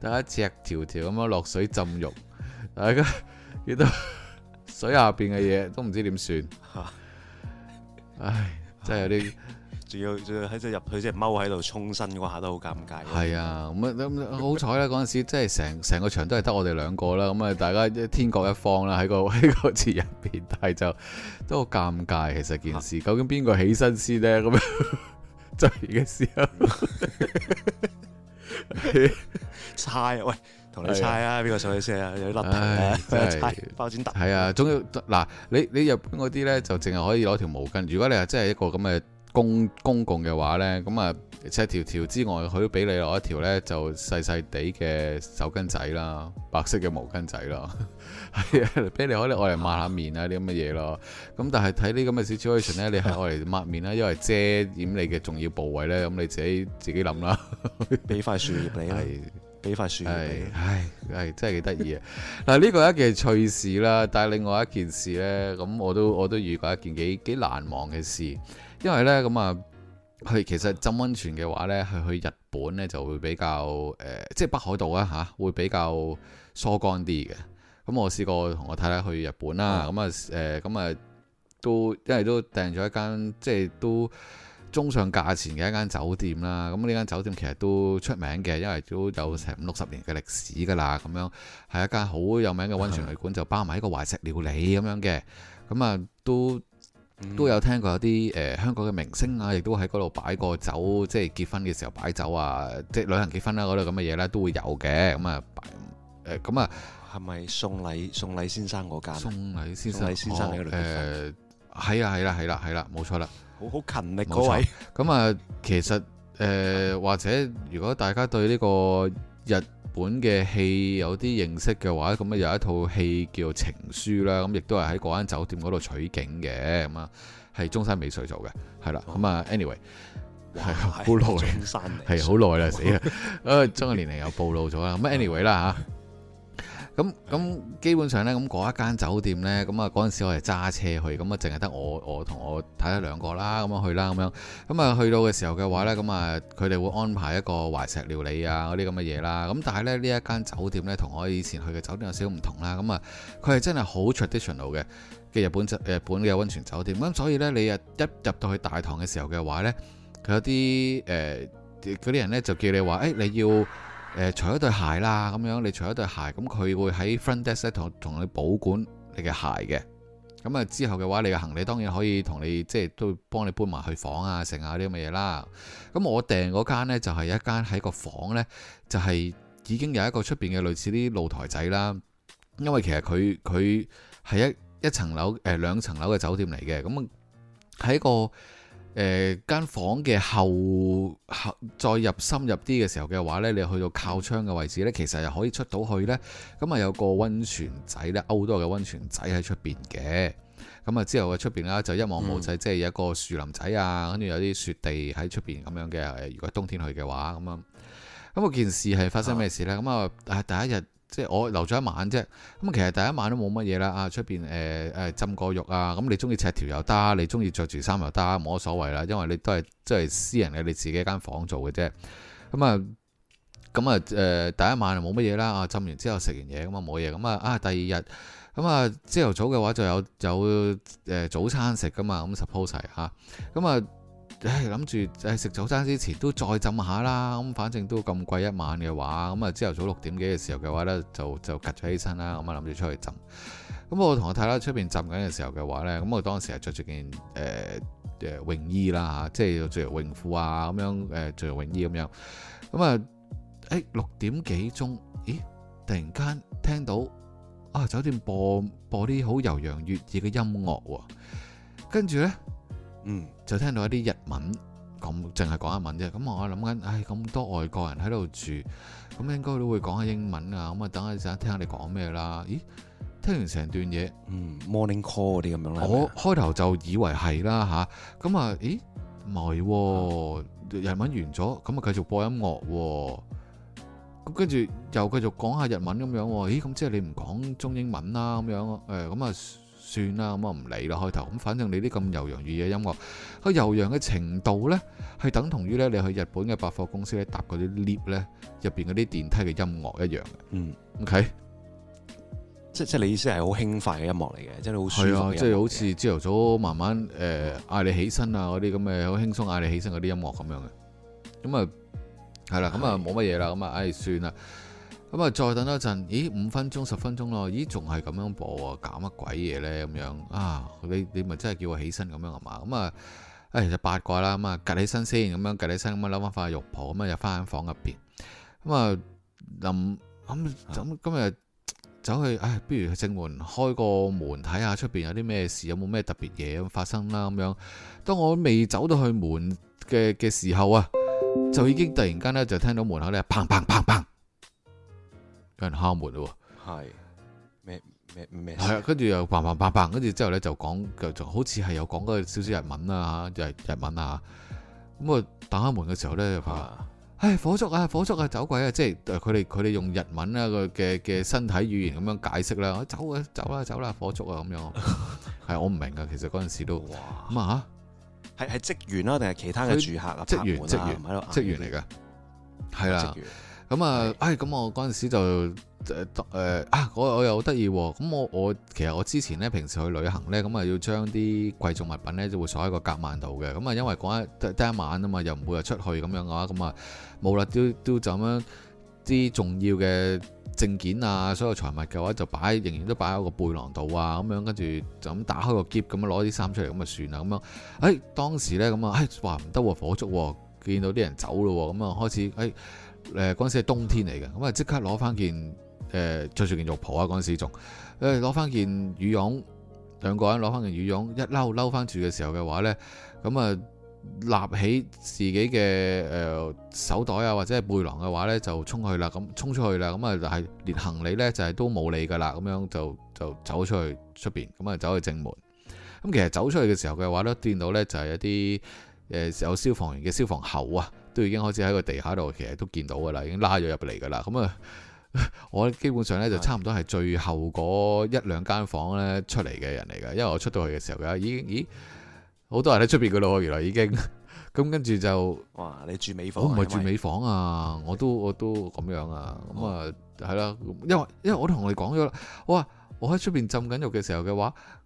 大家赤條條咁樣落水浸浴，大家見到水下邊嘅嘢都唔知點算。唉～即係有啲，仲要仲要喺只入去即踎喺度，沖身嗰下都好尷尬。係 啊，咁、嗯、啊，好彩啦！嗰陣時即係成成個場都係得我哋兩個啦，咁啊，大家一天各一方啦，喺個喺個字入邊，但係就都好尷尬。其實件事，究竟邊個起身先呢？咁樣就嘅時候、 欸猜，猜啊喂！同你猜啊，邊個上咗先啊？有啲笠皮啊，哎、包剪揼。係啊，總要嗱，你你日本嗰啲咧就淨係可以攞條毛巾。如果你係真係一個咁嘅公公共嘅話咧，咁啊，即係條條之外，佢都俾你攞一條咧，就細細地嘅手巾仔啦，白色嘅毛巾仔、 啊、咯。係啊，俾你攞咧，我嚟抹下面啊啲咁嘅嘢咯。咁但係睇呢咁嘅 situation 咧，你係我嚟抹面啦，因為遮掩你嘅重要部位咧，咁你自己自己諗啦。俾 塊樹葉你啦。幾塊雪，唉，真係幾得意啊！嗱，呢個係一件趣事啦，但係另外一件事呢，咁我都我都遇過一件幾幾難忘嘅事，因為呢，咁、嗯、啊，去其實浸溫泉嘅話呢，係去日本呢就會比較誒、呃，即係北海道啊吓，會比較疏干啲嘅。咁我試過同我太太去日本啦，咁啊誒，咁啊都因為都訂咗一間，即係都。中上價錢嘅一間酒店啦，咁呢間酒店其實都出名嘅，因為都有成五六十年嘅歷史噶啦，咁樣係一間好有名嘅溫泉旅館，的就包埋一個懷石料理咁樣嘅，咁啊都都有聽過有啲誒香港嘅明星啊，亦都喺嗰度擺過酒，即係結婚嘅時候擺酒啊，即係旅行結婚啦嗰類咁嘅嘢咧都會有嘅，咁啊擺誒咁啊，係、呃、咪送禮送禮先生嗰間？送禮先生，先生誒，係啦係啦係啦係啦，冇錯啦。呃好勤力嗰錯位，咁啊、嗯，其實誒、呃，或者如果大家對呢個日本嘅戲有啲認識嘅話，咁啊有一套戲叫《情書》啦、嗯，咁亦都係喺嗰間酒店嗰度取景嘅，咁啊係中山美穗做嘅，係啦，咁啊、哦嗯，anyway 係好耐，係好耐啦，死啊，中嘅年齡又暴露咗啦，咩 anyway 啦吓。咁咁基本上呢，咁嗰一間酒店呢，咁啊嗰陣時我係揸車去，咁啊淨係得我我同我太太兩個啦，咁啊去啦咁樣，咁啊去到嘅時候嘅話呢，咁啊佢哋會安排一個懷石料理啊嗰啲咁嘅嘢啦，咁但係呢，呢一間酒店呢，同我以前去嘅酒店有少少唔同啦，咁啊佢係真係好 traditional 嘅嘅日本日日本嘅溫泉酒店，咁所以呢，你啊一入到去大堂嘅時候嘅話呢，佢有啲誒嗰啲人呢，就叫你話，誒、欸、你要。誒，除咗對鞋啦，咁樣，你除咗對鞋，咁佢會喺 front desk 咧同同你保管你嘅鞋嘅。咁啊，之後嘅話，你嘅行李當然可以同你即係都幫你搬埋去房啊，成啊啲咁嘅嘢啦。咁我訂嗰間咧就係、是、一間喺個房呢，就係、是、已經有一個出邊嘅類似啲露台仔啦。因為其實佢佢係一一層樓誒兩層樓嘅酒店嚟嘅，咁喺個。誒間、呃、房嘅後後再入深入啲嘅時候嘅話呢，你去到靠窗嘅位置呢，其實又可以出到去呢。咁啊有個溫泉仔呢，歐多嘅溫泉仔喺出邊嘅。咁啊之後嘅出邊啦，就一望無際，嗯、即係有一個樹林仔啊，跟住有啲雪地喺出邊咁樣嘅。如果冬天去嘅話，咁樣，咁件事係發生咩事呢？咁啊第一日。即係我留咗一晚啫，咁其實第一晚都冇乜嘢啦，面、呃呃、啊，出邊誒誒浸個浴啊，咁你中意赤條又得，你中意着住衫又得，冇乜所謂啦，因為你都係即係私人嘅你自己間房間做嘅啫，咁啊咁啊誒第一晚就冇乜嘢啦啊，浸完之後食完嘢咁、嗯嗯、啊冇嘢咁啊啊第二日咁啊朝頭早嘅話就有有誒、呃、早餐食噶嘛，咁 suppose 嚇咁啊。諗住誒食早餐之前都再浸下啦，咁反正都咁貴一晚嘅話，咁啊朝頭早六點幾嘅時候嘅話咧，就就趌咗起身啦，咁啊諗住出去浸。咁、嗯、我同我太啦，出邊浸緊嘅時候嘅話咧，咁、嗯、我當時係着住件誒誒、呃呃、泳衣啦，即係著住泳褲啊咁樣誒，著、呃、泳衣咁樣。咁、嗯、啊，誒、欸、六點幾鐘，咦？突然間聽到啊，酒店播播啲好悠揚悅耳嘅音樂喎、哦，跟住咧，嗯。就聽到一啲日文，咁淨係講日文啫。咁我諗緊，唉，咁多外國人喺度住，咁應該都會講下英文啊。咁啊，等下就聽，聽你講咩啦？咦，聽完成段嘢，嗯，morning call 嗰啲咁樣咯。我開頭就以為係啦，吓、啊。咁啊，咦，唔係喎，日文完咗，咁啊繼續播音樂喎、啊。咁跟住又繼續講下日文咁樣喎。咦，咁即係你唔講中英文啦咁樣咯？誒，咁啊。算啦，咁我唔理啦。開頭咁，反正你啲咁悠揚嘅音樂，個悠揚嘅程度咧，係等同於咧你去日本嘅百貨公司咧搭嗰啲 lift 咧，入邊嗰啲電梯嘅音樂一樣嘅。嗯，OK，即即係你意思係好輕快嘅音樂嚟嘅，即係好係啊，即係好似朝頭早慢慢誒嗌你起身啊嗰啲咁嘅好輕鬆嗌你起身嗰啲音樂咁樣嘅。咁啊係啦，咁啊冇乜嘢啦，咁啊唉算啦。咁啊！再等多陣，咦？五分鐘、十分鐘咯，咦？仲係咁樣播啊？搞乜鬼嘢呢？咁樣啊？你你咪真係叫我起身咁樣啊？嘛？咁啊？誒，就八卦啦，咁啊，隔起身先咁樣，隔起身咁啊，扭翻翻肉婆咁啊，又翻房入邊咁啊，臨咁、嗯嗯嗯嗯、今日走去，唉、哎，不如去正門開個門睇下出邊有啲咩事，有冇咩特別嘢咁發生啦？咁樣，當我未走到去門嘅嘅時候啊，就已經突然間呢，就聽到門口咧砰砰砰砰。砰砰砰敲門咯，係咩咩咩？係啊，跟住又砰砰砰砰，跟住之後咧就講，就好似係有講過少少日文啦、啊、吓，日文啊。咁、嗯、啊，打開門嘅時候咧就話，唉，火燭啊，火燭啊，啊，走鬼啊！即係佢哋佢哋用日文啊嘅嘅身體語言咁樣解釋啦、哎，走啊走啦走啦，火燭啊咁樣。係 我唔明噶，其實嗰陣時都哇咁、嗯、啊，係係職員啊，定係其他嘅住客啊？職員職、啊、員職員嚟噶，係啦、啊。咁啊、嗯，哎，咁、嗯、我嗰陣時就誒誒、呃、啊，我，我又好得意喎。咁、啊、我我其實我之前咧平時去旅行咧，咁、嗯、啊要將啲貴重物品咧就會鎖喺個隔萬度嘅。咁、嗯、啊，因為講一得一晚啊嘛，又唔會話出去咁樣嘅話，咁啊冇啦，都都就咁樣啲重要嘅證件啊，所有財物嘅話就擺，仍然都擺喺個背囊度啊，咁樣跟住就咁打開個篋咁樣攞啲衫出嚟咁啊算啦。咁樣，哎當時咧咁、哎、啊，哎話唔得喎，火燭喎，見到啲人走咯喎，咁啊開始哎。哎誒嗰陣時係冬天嚟嘅，咁啊即刻攞翻件誒、呃、著住件浴袍啊！嗰陣時仲誒攞翻件羽絨，兩個人攞翻件羽絨一嬲嬲翻住嘅時候嘅話呢，咁啊立起自己嘅誒、呃、手袋啊，或者係背囊嘅話呢，就衝去啦！咁衝出去啦，咁啊就係連行李呢，就係、是、都冇理噶啦，咁樣就就走出去出邊，咁啊走去正門。咁其實走出去嘅時候嘅話呢，見到呢就係、是、一啲誒、呃、有消防員嘅消防喉啊。都已經開始喺個地下度，其實都見到㗎啦，已經拉咗入嚟㗎啦。咁啊，我基本上呢，就差唔多係最後嗰一兩間房呢出嚟嘅人嚟㗎，因為我出到去嘅時候已經咦好多人喺出邊㗎咯，原來已經咁 跟住就哇，你住尾房，我唔係住尾房啊，是是我都我都咁樣啊，咁啊係啦好，因為因為我同你講咗啦，我話我喺出邊浸緊浴嘅時候嘅話。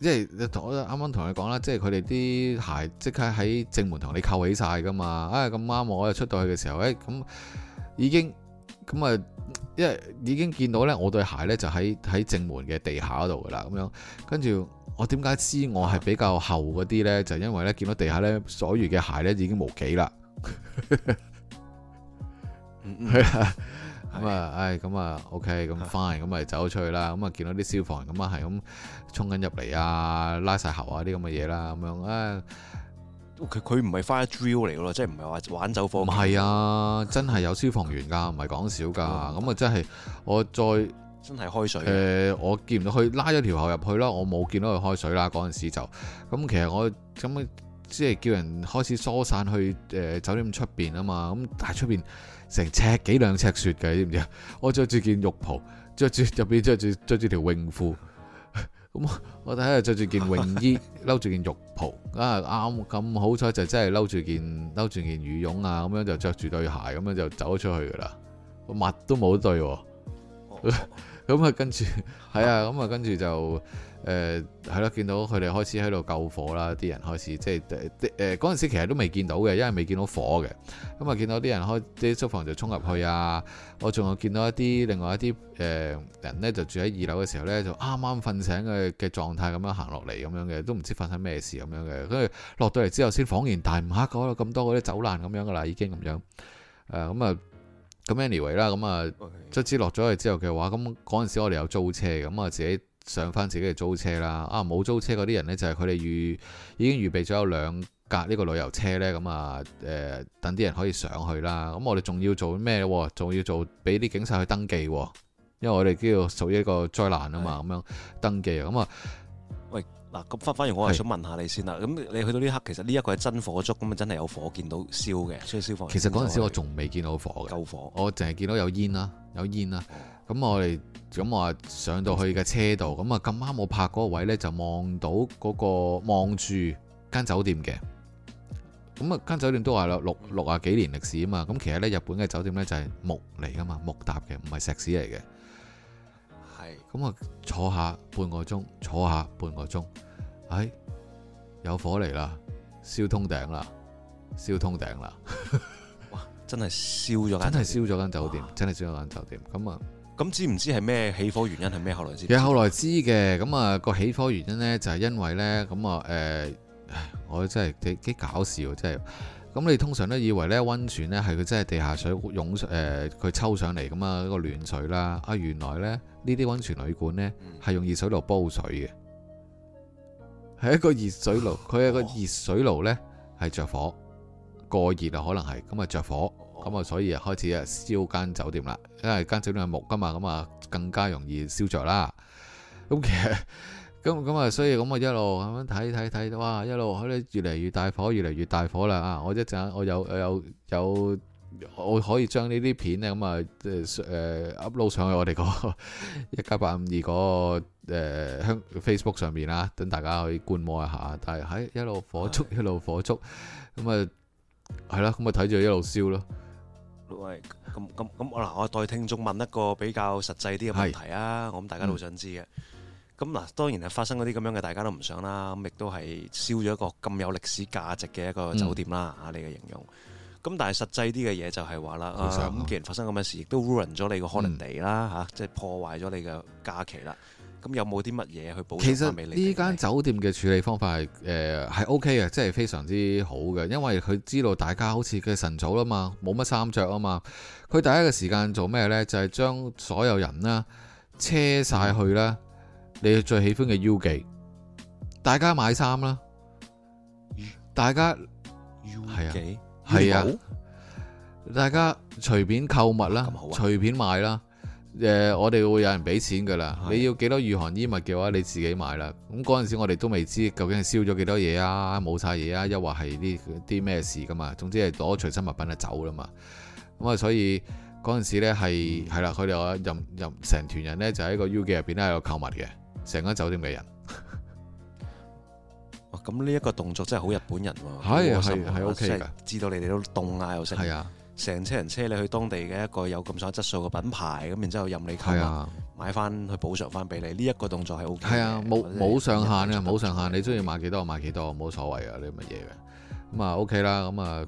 即係，我啱啱同你講啦，即係佢哋啲鞋即刻喺正門同你扣起晒噶嘛。啊、哎，咁啱我又出到去嘅時候，誒、哎，咁已經咁啊，因為已經見到咧，我對鞋咧就喺喺正門嘅地下嗰度噶啦。咁樣，跟住我點解知我係比較後嗰啲呢？就因為咧見到地下咧所餘嘅鞋咧已經無幾啦。 咁啊，唉，咁 啊、嗯哎嗯、，OK，咁 f 咁咪走出去啦。咁啊，見到啲消防員咁啊，係咁衝緊入嚟啊，拉晒喉啊啲咁嘅嘢啦，咁樣啊。佢佢唔係 fire drill 嚟噶咯，ill，即係唔係話玩走火。唔係啊，真係有消防員㗎，唔係講笑㗎。咁啊，真 係、嗯嗯、我再真係開水。誒、呃，我見唔到佢拉咗條喉入去啦，我冇見到佢開水啦嗰陣時就。咁、嗯、其實我咁、嗯、即係叫人開始疏散去誒、呃呃、酒店出邊啊嘛，咁喺出邊。成尺幾兩尺雪嘅，知唔知啊？我着住件浴袍，着住入邊着住着住條泳褲，咁 我睇下着住件泳衣，褸住件浴袍，啊啱咁好彩就真係褸住件褸住件羽絨啊，咁樣就着住對鞋，咁樣就走咗出去噶啦，襪都冇對。 咁啊，跟住係啊，咁 啊，跟住就誒係啦，見、呃、到佢哋開始喺度救火啦，啲人開始即係誒誒嗰陣時其實都未見到嘅，因為未見到火嘅。咁啊，見到啲人開啲消防就衝入去啊。我仲有見到一啲另外一啲誒、呃、人呢，就住喺二樓嘅時候呢，就啱啱瞓醒嘅嘅狀態咁樣行落嚟咁樣嘅，都唔知發生咩事咁樣嘅。跟住落到嚟之後先恍然大悟啊！嗰度咁多嗰啲走爛咁樣噶啦，已經咁樣誒咁啊。呃嗯呃咁 anyway 啦，咁啊，卒之落咗去之後嘅話，咁嗰陣時我哋有租車，咁啊自己上返自己嘅租車啦。啊，冇租車嗰啲人呢，就係佢哋預已經預備咗有兩架呢個旅遊車呢。咁啊誒等啲人可以上去啦。咁我哋仲要做咩？仲要做俾啲警察去登記，因為我哋都要屬於一個災難啊嘛，咁 Yeah. 樣登記啊，咁啊。嗱，咁反反而我係想問下你先啦。咁你去到呢刻，其實呢一個係真火燭，咁啊真係有火見到燒嘅，所以消防。其實嗰陣時我仲未見到火嘅。救火。我淨係見到有煙啦，有煙啦。咁我哋咁我上到去嘅車度，咁啊咁啱我拍嗰位咧、那個，就望到嗰個望住間酒店嘅。咁啊間酒店都話啦，六六啊幾年歷史啊嘛。咁其實咧日本嘅酒店咧就係木嚟㗎嘛，木搭嘅，唔係石屎嚟嘅。咁啊，坐下半個鐘，坐下半個鐘，唉，有火嚟啦，燒通頂啦，燒通頂啦， 哇，真係燒咗間，真係燒咗間酒店，真係燒咗間酒店。咁啊哇，咁知唔知係咩起火原因？係咩、嗯嗯、後來知、嗯？其實後來知嘅，咁啊個起火原因呢，就係、是、因為呢。咁啊誒，我真係幾幾搞笑，真係。咁你通常都以為呢溫泉呢係佢真係地下水湧上，誒、呃、佢抽上嚟咁啊，一個暖水啦。啊原來呢呢啲溫泉旅館呢係用熱水爐煲水嘅，係一個熱水爐，佢係個熱水爐呢係着火過熱啊，可能係咁啊着火，咁啊所以啊開始啊燒間酒店啦，因為間酒店係木噶嘛咁啊更加容易燒着啦，咁其實。咁咁啊，所以咁啊，一路咁樣睇睇睇，哇！一路咧，越嚟越大火，越嚟越大火啦啊！我一陣，我有有有，我可以將呢啲片咧，咁啊，誒，upload 上去我哋個一家八五二嗰個誒香 Facebook 上面啊，等大家可以觀摩一下。但係喺一路火燭，一路火燭，咁啊，係啦，咁啊睇住一路燒咯。喂，咁咁咁，我嗱，我代聽眾問一個比較實際啲嘅問題啊，我諗大家都想知嘅。咁嗱，當然係發生嗰啲咁樣嘅，大家都唔想啦。咁亦都係燒咗一個咁有歷史價值嘅一個酒店啦。嚇、嗯，你嘅形容咁，但係實際啲嘅嘢就係話啦，咁、啊、既然發生咁嘅事，亦都 ruin 咗你個 holiday 啦，嚇，即係破壞咗你嘅假期啦。咁、嗯啊、有冇啲乜嘢去補償翻俾你？其實呢間酒店嘅處理方法係誒係 O K 嘅，即、呃、係、OK、非常之好嘅，因為佢知道大家好似佢晨早啊嘛，冇乜衫着啊嘛。佢第一個時間做咩呢？就係、是、將所有人啦車晒去啦。你最喜歡嘅 U 記，大家買衫啦，大家 U 係啊，係啊，大家隨便購物啦，啊、隨便買啦。誒、呃，我哋會有人俾錢㗎喇。的你要幾多御寒衣物嘅話，你自己買啦。咁嗰陣時，我哋都未知究竟係燒咗幾多嘢啊，冇晒嘢啊，又或係啲啲咩事㗎嘛。總之係攞隨身物品就走啦嘛。咁啊，所以嗰陣時咧係係啦，佢哋話任任成團人咧就喺個 U 記入邊咧有購物嘅。成間酒店嘅人，哇！咁呢一個動作真係好日本人喎，係係係 O K 噶，知道你哋都凍啊又升，係啊，成車人車你去當地嘅一個有咁上下質素嘅品牌，咁然之後任你購，買翻去補償翻俾你，呢一個動作係 O K 嘅，係啊，冇冇上限嘅，冇上限，你中意買幾多買幾多，冇所謂啊，呢啲乜嘢嘅，咁啊 O K 啦，咁啊。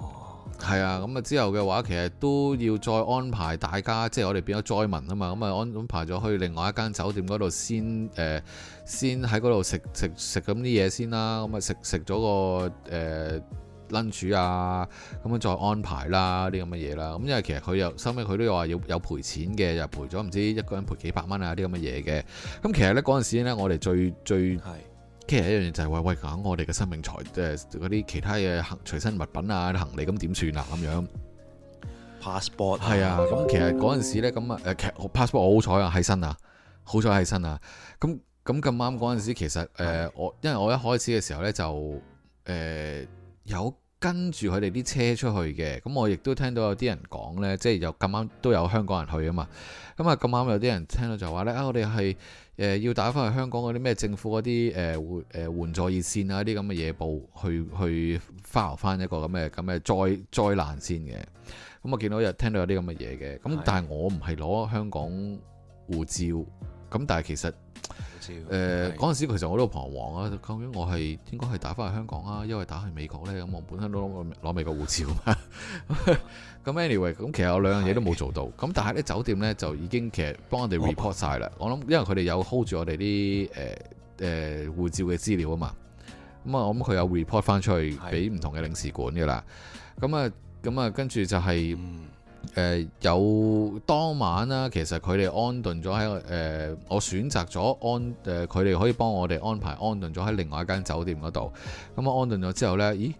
係啊，咁啊、嗯、之後嘅話，其實都要再安排大家，即係我哋變咗災民啊嘛，咁、嗯、啊安排咗去另外一間酒店嗰度先，誒、呃、先喺嗰度食食食咁啲嘢先啦，咁啊食食咗個誒 lunch、呃、啊，咁、嗯、樣再安排啦啲咁嘅嘢啦，咁因為其實佢又收尾佢都話有有賠錢嘅，又賠咗唔知一個人賠幾百蚊啊啲咁嘅嘢嘅，咁、嗯、其實呢，嗰陣時呢我哋最最係。其實一樣嘢，就係、是、話喂，咁我哋嘅生命財誒，嗰、呃、啲其他嘅行隨身物品啊，行李咁點算啊？咁樣 Passport 係啊，咁、嗯嗯、其實嗰陣時咧，咁啊誒、呃、Passport 我好彩啊，喺身啊，好彩喺身啊。咁咁咁啱嗰陣時，其實誒，我因為我一開始嘅時候咧就誒、呃、有跟住佢哋啲車出去嘅，咁我亦都聽到有啲人講咧，即係有咁啱都有香港人去啊嘛。咁啊咁啱有啲人聽到就話咧啊，我哋係。誒、呃、要打翻去香港嗰啲咩政府嗰啲誒誒援助熱線啊啲咁嘅嘢，報去去 follow 翻一個咁嘅咁嘅災災難先嘅咁、嗯、我見到有聽到有啲咁嘅嘢嘅咁，嗯、的但係我唔係攞香港護照咁、嗯，但係其實。誒嗰陣時其實我都彷徨啊，究竟我係應該係打翻去香港啊，因為打去美國咧咁我本身都諗過攞美國護照嘛。咁 anyway，咁其實我兩樣嘢都冇做到，咁的但係啲酒店咧就已經其實幫我哋 report 晒啦。我諗因為佢哋有 hold 住我哋啲誒誒護照嘅資料啊嘛，咁啊，咁我諗佢有 report 翻出去俾唔同嘅領事館嘅啦。咁啊的，咁啊，跟住就係、是。嗯誒有、呃、當晚啦，其實佢哋安頓咗喺誒，我選擇咗安誒，佢、呃、哋可以幫我哋安排安頓咗喺另外一間酒店嗰度。咁、嗯、我安頓咗之後呢，咦，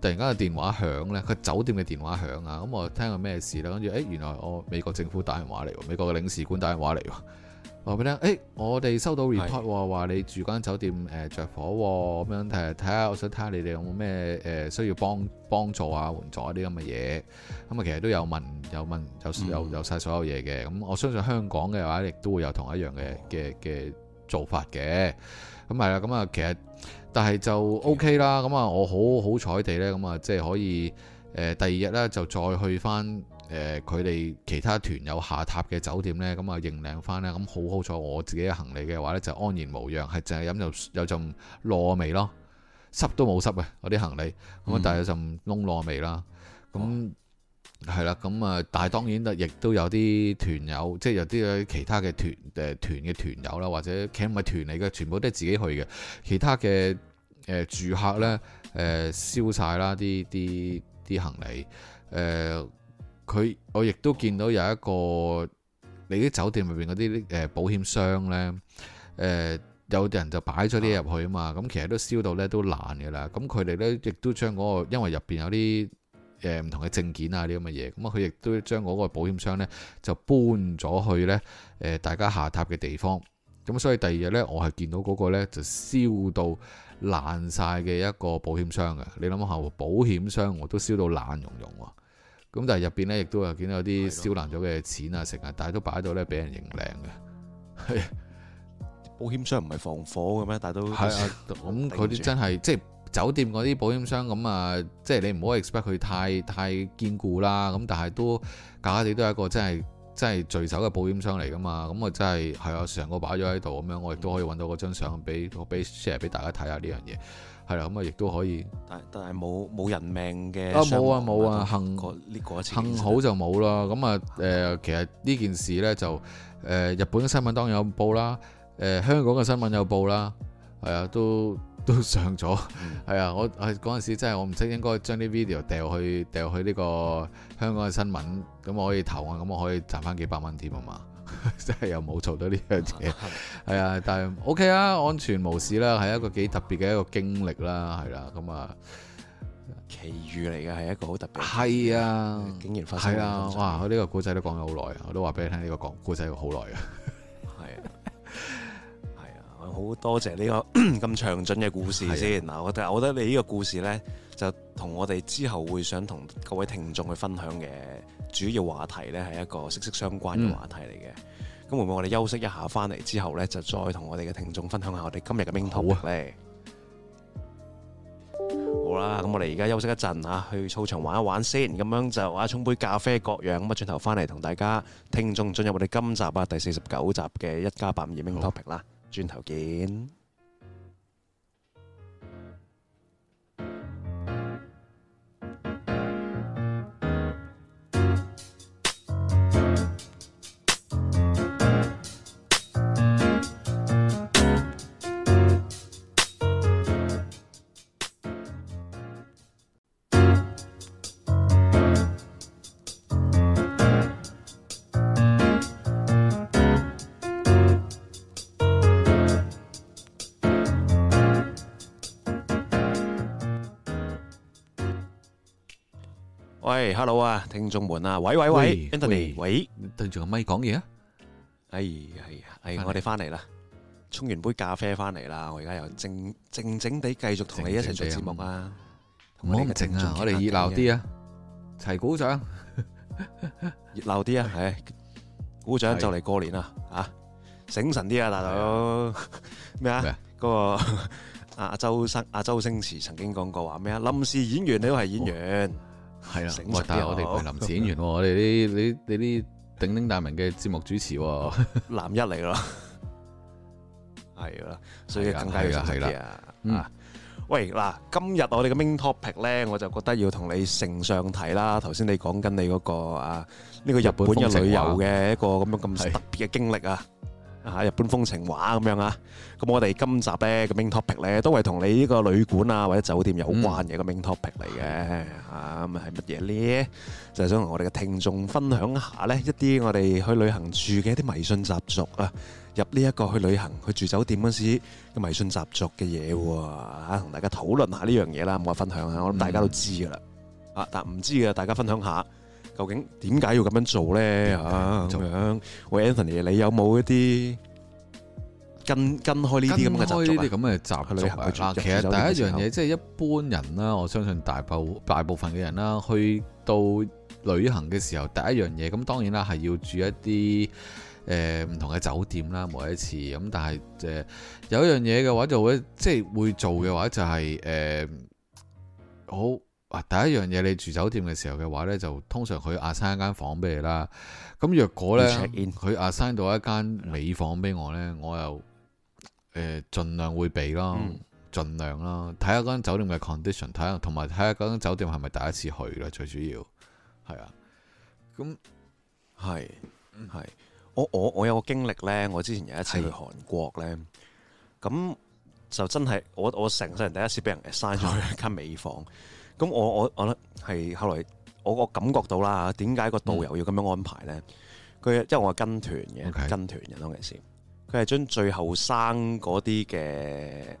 突然間個電話響呢，佢酒店嘅電話響啊！咁、嗯、我聽個咩事咧？跟住誒，原來我美國政府打電話嚟喎，美國嘅領事館打電話嚟喎。我俾佢聽，我哋收到 report 話的你住間酒店誒、呃、着火、哦，咁樣睇睇下，我想睇下你哋有冇咩誒需要幫幫助啊、援助一啲咁嘅嘢。咁啊，嗯、其實都有問、有問、有有有曬所有嘢嘅。咁、嗯、我相信香港嘅話，亦都會有同一樣嘅嘅嘅做法嘅。咁係啦，咁啊，其實但係就 OK 啦。咁啊、嗯，我好好彩地咧，咁啊，即係可以誒、呃，第二日咧就再去翻。誒佢哋其他團友下榻嘅酒店呢，咁啊認領翻呢。咁好好彩，我自己嘅行李嘅話呢，就安然無恙，係淨係飲有有陣蘿味咯，濕都冇濕嘅嗰啲行李，咁啊、嗯、但係有陣窿蘿味啦，咁係啦，咁啊但係當然亦都有啲團友，即係有啲其他嘅團誒團嘅團友啦，或者其實唔係團嚟嘅，全部都係自己去嘅，其他嘅誒、呃、住客呢，誒、呃、燒晒啦，啲啲啲行李誒。呃佢我亦都見到有一個你啲酒店裏邊嗰啲誒保險箱呢，誒、呃、有人就擺咗啲入去啊嘛，咁其實都燒到都爛呢都爛嘅啦。咁佢哋呢亦都將嗰個因為入邊有啲誒唔同嘅證件啊啲咁嘅嘢，咁啊佢亦都將嗰個保險箱呢就搬咗去呢誒、呃、大家下榻嘅地方。咁所以第二日呢，我係見到嗰個呢就燒到爛晒嘅一個保險箱嘅。你諗下，保險箱我都燒到爛融融喎。咁但係入邊咧，亦的都有見到有啲燒爛咗嘅錢啊、剩啊，但係都擺喺度咧，俾人認領嘅。係 保險箱唔係防火嘅咩？但係都係啊！咁佢啲真係 即係酒店嗰啲保險箱咁啊，即係 你唔好 expect 佢太太堅固啦。咁但係都假假哋都係一個真係真係最手嘅保險箱嚟㗎嘛。咁啊真係係啊，成個擺咗喺度咁樣，我亦都可以揾到嗰張相俾我俾 share 俾大家睇下呢樣嘢。係啦，咁啊，亦都可以，但但係冇冇人命嘅。啊冇啊冇啊，啊啊幸過呢、這個一次，次。幸好就冇啦。咁啊、嗯，誒、呃，其實呢件事咧就誒、呃，日本嘅新聞當然有報啦，誒、呃，香港嘅新聞有報啦，係啊，都都上咗。係啊、嗯，我喺嗰陣時真係我唔識應該將啲 video 掉去掉去呢個香港嘅新聞，咁我可以投啊，咁我可以賺翻幾百蚊添啊嘛。真係 又冇做到呢樣嘢，係啊，但係 OK 啊，安全無事啦，係一個幾特別嘅一個經歷啦，係啦，咁啊奇遇嚟嘅，係一個好特別嘅經歷，係啊的，竟然發生，哇，我呢個古仔都講咗好耐啊，我都話俾你聽呢個講古仔好耐啊，係啊，係啊，好多謝呢個咁詳盡嘅故事先嗱，我覺得的我覺得你呢個故事呢，就同我哋之後會想同各位聽眾去分享嘅。主要話題咧係一個息息相關嘅話題嚟嘅，咁、嗯、會唔會我哋休息一下，翻嚟之後呢，就再同我哋嘅聽眾分享下我哋今日嘅 main topic 好啦。咁我哋而家休息一陣啊，去操場玩一玩先，咁樣就啊沖杯咖啡各樣，咁啊轉頭翻嚟同大家聽眾進入我哋今集啊第四十九集嘅一家852 main topic 啦，轉頭、啊、見。喂，hello 啊，聽眾們啊，喂喂喂，Anthony，喂，對住個咪講嘢啊，哎呀哎呀，哎，我哋翻嚟啦，沖完杯咖啡翻嚟啦，我而家又靜靜靜地繼續同你一齊做節目啊，唔好唔靜啊，我哋熱鬧啲啊，齊鼓掌，熱鬧啲啊，係，鼓掌就嚟過年啦，啊，醒神啲啊，大佬，咩啊？嗰個阿阿周生阿周星馳曾經講過話咩啊？臨時演員你都係演員。係啦，喂！但係我哋陪林演員，我哋啲你你啲鼎鼎大名嘅節目主持，男一嚟咯，係啦，所以更加要認真啲啊！啊，喂！嗱，今日我哋嘅 main topic 咧，我就覺得要同你成上題啦。頭先你講緊你嗰個啊，呢個日本嘅旅遊嘅一個咁樣咁特別嘅經歷啊。啊！日本風情畫咁樣啊，咁我哋今集咧，個 main topic 咧都係同你呢個旅館啊或者酒店有關嘅個 main topic 嚟嘅，嚇，咁係乜嘢咧？就係想同我哋嘅聽眾分享下咧一啲我哋去旅行住嘅一啲迷信習俗啊，入呢一個去旅行去住酒店嗰時嘅迷信習俗嘅嘢喎嚇，同大家討論下呢樣嘢啦，咁啊分享下，我諗大家都知噶啦，啊但唔知嘅大家分享下。究竟點解要咁樣做咧？嚇咁樣，喂 Anthony，你有冇一啲跟跟開呢啲咁嘅習俗？啲咁嘅習俗啊、呃！其實第一樣嘢，即係一般人啦，我相信大部大部分嘅人啦，去到旅行嘅時候，第一樣嘢咁當然啦，係要住一啲誒唔同嘅酒店啦，每一次咁。但係誒、呃、有一樣嘢嘅話，話，就會即係會做嘅話，就係誒好。啊！第一樣嘢，你住酒店嘅時候嘅話呢，就通常佢 assign 一間房俾你啦。咁若果呢，佢 assign 到一間美房俾我呢，我又誒盡量會俾咯，嗯、盡量啦。睇下嗰間酒店嘅 condition，睇下同埋睇下嗰間酒店係咪第一次去咧？最主要係啊。咁係，係。我我我有個經歷呢。我之前有一次去韓國呢，咁的就真係我我成世人第一次俾人 assign 咗一間美房。的 咁我我我覺得係後來我我感覺到啦嚇，點解個導遊要咁樣安排呢？佢、嗯、因為我係跟團嘅，Okay. 跟團嘅嗰陣時，佢係將最後生嗰啲嘅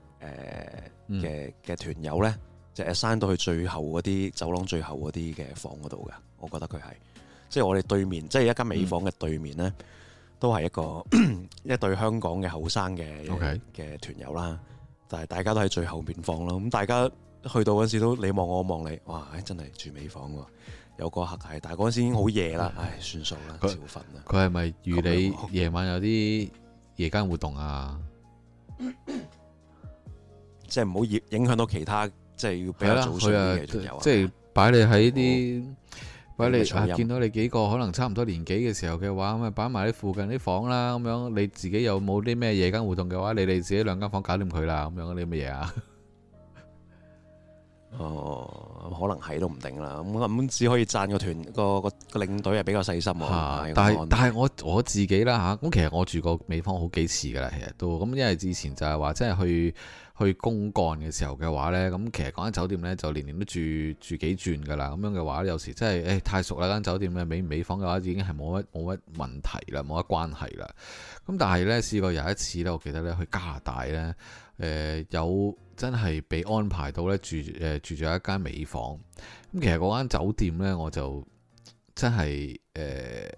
誒嘅嘅團友呢，就係、是、生到去最後嗰啲走廊最後嗰啲嘅房嗰度嘅。我覺得佢係即係我哋對面，即、就、係、是、一間美房嘅對面呢，嗯、都係一個 一對香港嘅後生嘅嘅團友啦。但係大家都喺最後面放咯，咁大家。去到嗰時都你望我望你，哇！唉，真係住尾房喎。有個客係，但係嗰陣時已經好夜啦。啊、唉，算數啦，少瞓啦。佢係咪如你晚夜晚有啲夜間活動啊？嗯嗯、即係唔好影影響到其他，即係要俾下早睡嘅、啊。啊啊、即係擺你喺啲，擺、嗯、你啊！見到你幾個可能差唔多年紀嘅時候嘅話，咁啊擺埋啲附近啲房啦。咁樣你自己有冇啲咩夜間活動嘅話，你哋自己兩間房間搞掂佢啦。咁樣啲乜嘢啊？哦，可能係都唔定啦，咁、嗯、咁只可以讚個團個個個領隊係比較細心喎、啊。但係但係我我自己啦嚇，咁其實我住過美方好幾次噶啦，其實都咁，因為之前就係話即係去去公幹嘅時候嘅話呢，咁其實間酒店呢，就年年都住住幾轉噶啦。咁樣嘅話，有時真係誒、欸、太熟啦間酒店嘅美美房嘅話，已經係冇乜冇乜問題啦，冇乜關係啦。咁但係呢，試過有一次呢，我記得呢去加拿大呢，誒、呃、有。真係被安排到咧住誒、呃、住咗一間美房，咁其實嗰間酒店呢，我就真係誒、呃、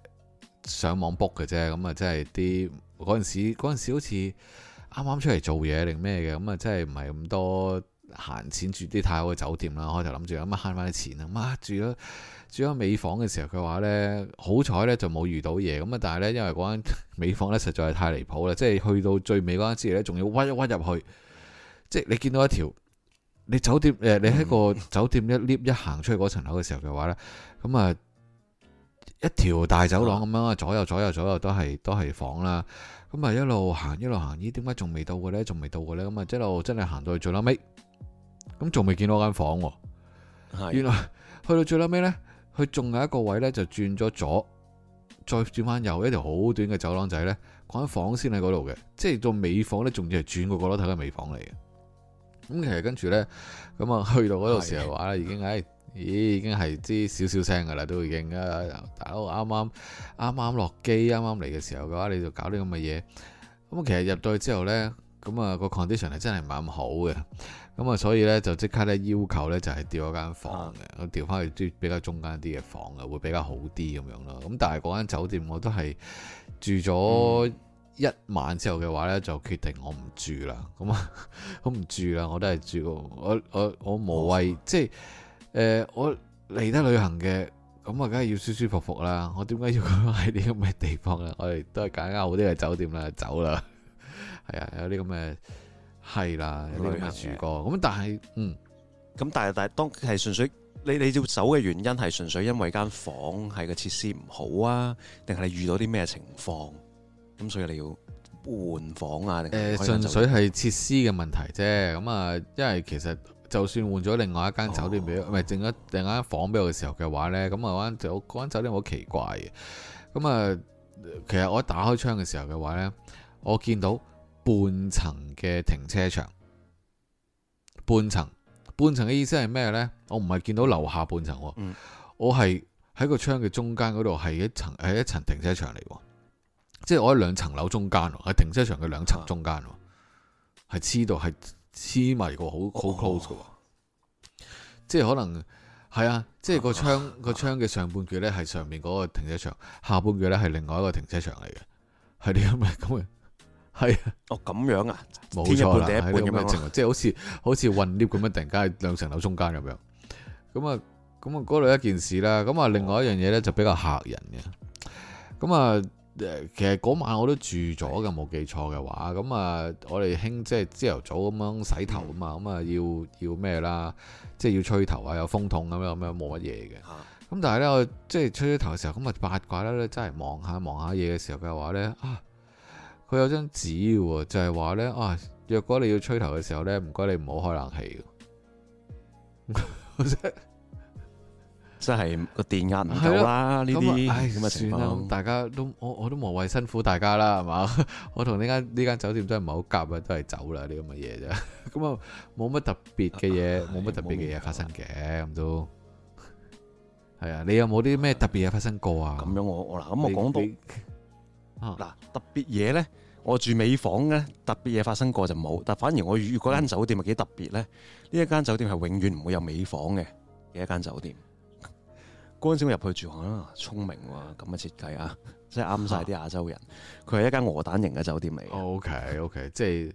上網 book 嘅啫，咁啊真係啲嗰陣時嗰時好似啱啱出嚟做嘢定咩嘅，咁啊真係唔係咁多閒錢住啲太好嘅酒店啦，我就諗住咁啊慳翻啲錢啦，啊住咗住咗美房嘅時候，佢話呢好彩呢就冇遇到嘢，咁、嗯、啊但係呢，因為嗰間美房呢，實在係太離譜啦，即係去到最尾嗰陣時呢，仲要屈一屈入去。即係你見到一條，你酒店誒、呃，你喺個酒店一 lift 一行出去嗰層樓嘅時候嘅話呢，咁啊一條大走廊咁樣，左右左右左右，左右都係都係房啦，咁啊一路行一路行，咦？點解仲未到嘅呢？仲未到嘅呢？咁啊一路真係行到去最尾。咁仲未見到間房，哦，是的 原來去到最尾呢，佢仲有一個位呢，就轉咗左，再轉翻右，一條好短嘅走廊仔咧，間房先喺嗰度嘅，即係到尾房呢，仲要係轉過個樓梯嘅尾房嚟嘅。咁其實跟住呢，咁啊去到嗰個時候話啦，已經唉，咦，已經係啲少少聲嘅啦，都已經啦。大佬啱啱啱啱落機，啱啱嚟嘅時候嘅話，你就搞啲咁嘅嘢。咁其實入到去之後呢，咁、那、啊個 condition 係真係唔係咁好嘅。咁啊，所以呢，就即刻呢要求呢，就係調一間房嘅，嗯、調翻去啲比較中間啲嘅房嘅，會比較好啲咁樣咯。咁但係嗰間酒店我都係住咗、嗯。一晚之後嘅話呢，就決定我唔住啦。咁 啊，我唔住啦，我都係住我我我無謂，嗯、即係誒、呃、我嚟得旅行嘅，咁啊，梗係要舒舒服服啦。我點解要喺啲咁嘅地方啊？我哋都係揀間好啲嘅酒店啦，走啦。係 啊，有啲咁嘅係啦，有旅行住過。咁但係嗯，咁但係但係當係純粹你你要走嘅原因係純粹因為間房係個設施唔好啊，定係你遇到啲咩情況？咁所以你要換房啊？誒、呃，純粹係設施嘅問題啫。咁啊，因為其實就算換咗另外一間酒店俾，唔係整咗另外一間房俾我嘅時候嘅話呢，咁啊，我間酒店好奇怪嘅。咁啊，其實我一打開窗嘅時候嘅話呢，我見到半層嘅停車場，半層半層嘅意思係咩呢？我唔係見到樓下半層，嗯、我係喺個窗嘅中間嗰度係一層係一層停車場嚟。即係我喺兩層樓中間喎，係停車場嘅兩層中間喎，係黐到係黐埋個好好 close 喎。即係可能係啊，即係個窗個窗嘅上半截咧係上面嗰個停車場，下半截咧係另外一個停車場嚟嘅，係點啊？咁啊，係哦，咁樣啊，冇錯啦，係咁嘅情況，即係好似好似混 lift 咁樣，突然間喺兩層樓中間咁樣。咁啊，咁啊，嗰度一件事啦。咁啊，另外一樣嘢咧就比較嚇人嘅。咁啊。誒，其實嗰晚我都住咗嘅，冇記錯嘅話，咁啊，我哋興即係朝頭早咁樣洗頭啊嘛，咁啊要要咩啦，即係要吹頭啊，有風筒咁、啊、樣咁樣冇乜嘢嘅。咁但係呢，我即係吹咗頭嘅時候，咁啊八卦啦，真係望下望下嘢嘅時候嘅話呢，啊，佢有張紙喎，就係、是、話呢。啊，若果你要吹頭嘅時候呢，唔該你唔好開冷氣。 真係個電壓唔夠啦！呢啲咁啊，算啦，大家都我我都無謂辛苦大家啦，係嘛？我同呢間呢間酒店真係唔係好夾啊，都係走啦，呢咁嘅嘢啫。咁啊，冇乜特別嘅嘢，冇乜特別嘅嘢發生嘅咁都係啊。你有冇啲咩特別嘢發生過啊？咁樣我我嗱咁我講到嗱特別嘢咧，我住美房咧特別嘢發生過就冇，但反而我住嗰間酒店係幾特別咧。呢一間酒店係永遠唔會有美房嘅，嘅一間酒店。官小入去住房啦，聰明喎咁嘅設計啊，即係啱晒啲亞洲人。佢係、啊、一間鵝蛋型嘅酒店嚟。OK OK， 即係是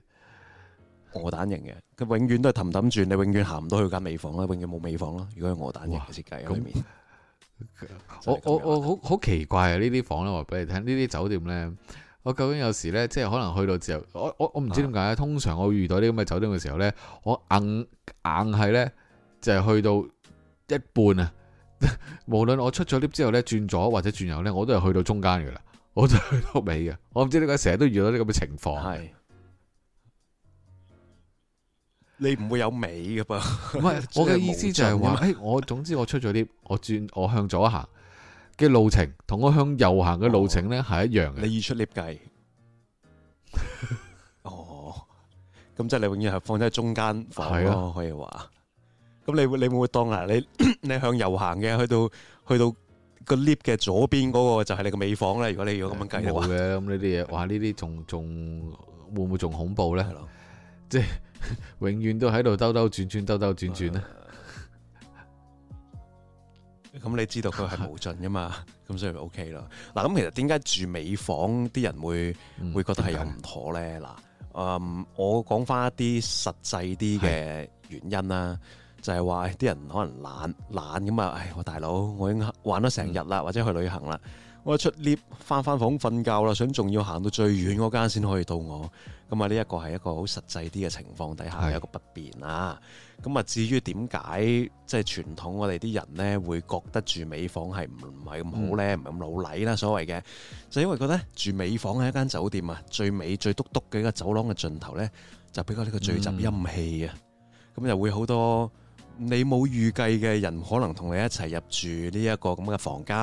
鵝蛋型嘅，佢永遠都係氹氹轉，你永遠行唔到去間美房啦，永遠冇美房咯。如果係鵝蛋型嘅設計入面，我我我好好奇怪啊！呢啲房咧，話俾你聽，呢啲酒店咧，我究竟有時咧，即係可能去到之後，我我我唔知點解，啊、通常我遇到呢啲咁嘅酒店嘅時候咧，我硬硬係咧，就係、是、去到一半啊～無論我出咗 lift 之後咧，轉左或者轉右咧，我都係去到中間噶啦，我都係去到尾嘅。我唔知點解成日都遇到啲咁嘅情況。係你唔會有尾噶噃？唔係是， 我嘅意思就係話，誒、 哎，我總之我出咗 lift，我轉我向左行嘅路程，同我向右行嘅路程咧係一樣嘅、哦。你以出 lift 計， 哦，咁即係你永遠係放咗喺中間房咯，啊、可以話。咁你你會唔會當嗱，你你向右行嘅，去到去到個 lift 嘅左邊嗰個就係你個尾房咧。如果你如果咁樣計嘅話，冇嘅。咁呢啲嘢，哇呢啲仲仲會唔會仲恐怖咧？係咯。即係永遠都喺度兜兜轉轉，兜兜轉轉咧。咁你知道佢係無盡噶嘛？咁所以咪 OK 啦。嗱，咁其實點解住尾房啲人會會覺得係有唔妥咧？嗱，嗯，我講翻一啲實際啲嘅原因啦。就係話，啲人可能懶懶咁啊！唉，我大佬，我已經玩咗成日啦，嗯、或者去旅行啦，我出 lift 翻翻房瞓覺啦，想仲要行到最遠嗰間先可以到我。咁、嗯、啊，呢、嗯嗯、一個係一個好實際啲嘅情況底下嘅是一個不便啊。咁、嗯、啊，嗯、至於點解即係傳統我哋啲人呢，會覺得住尾房係唔唔係咁好呢？唔係咁老禮啦，所謂嘅就因為覺得住尾房係一間酒店啊，最尾最篤篤嘅一個走廊嘅盡頭呢，就比較呢個聚集陰氣啊。咁又、嗯嗯、會好多。你冇預計嘅人可能同你一齊入住呢一個咁嘅房間，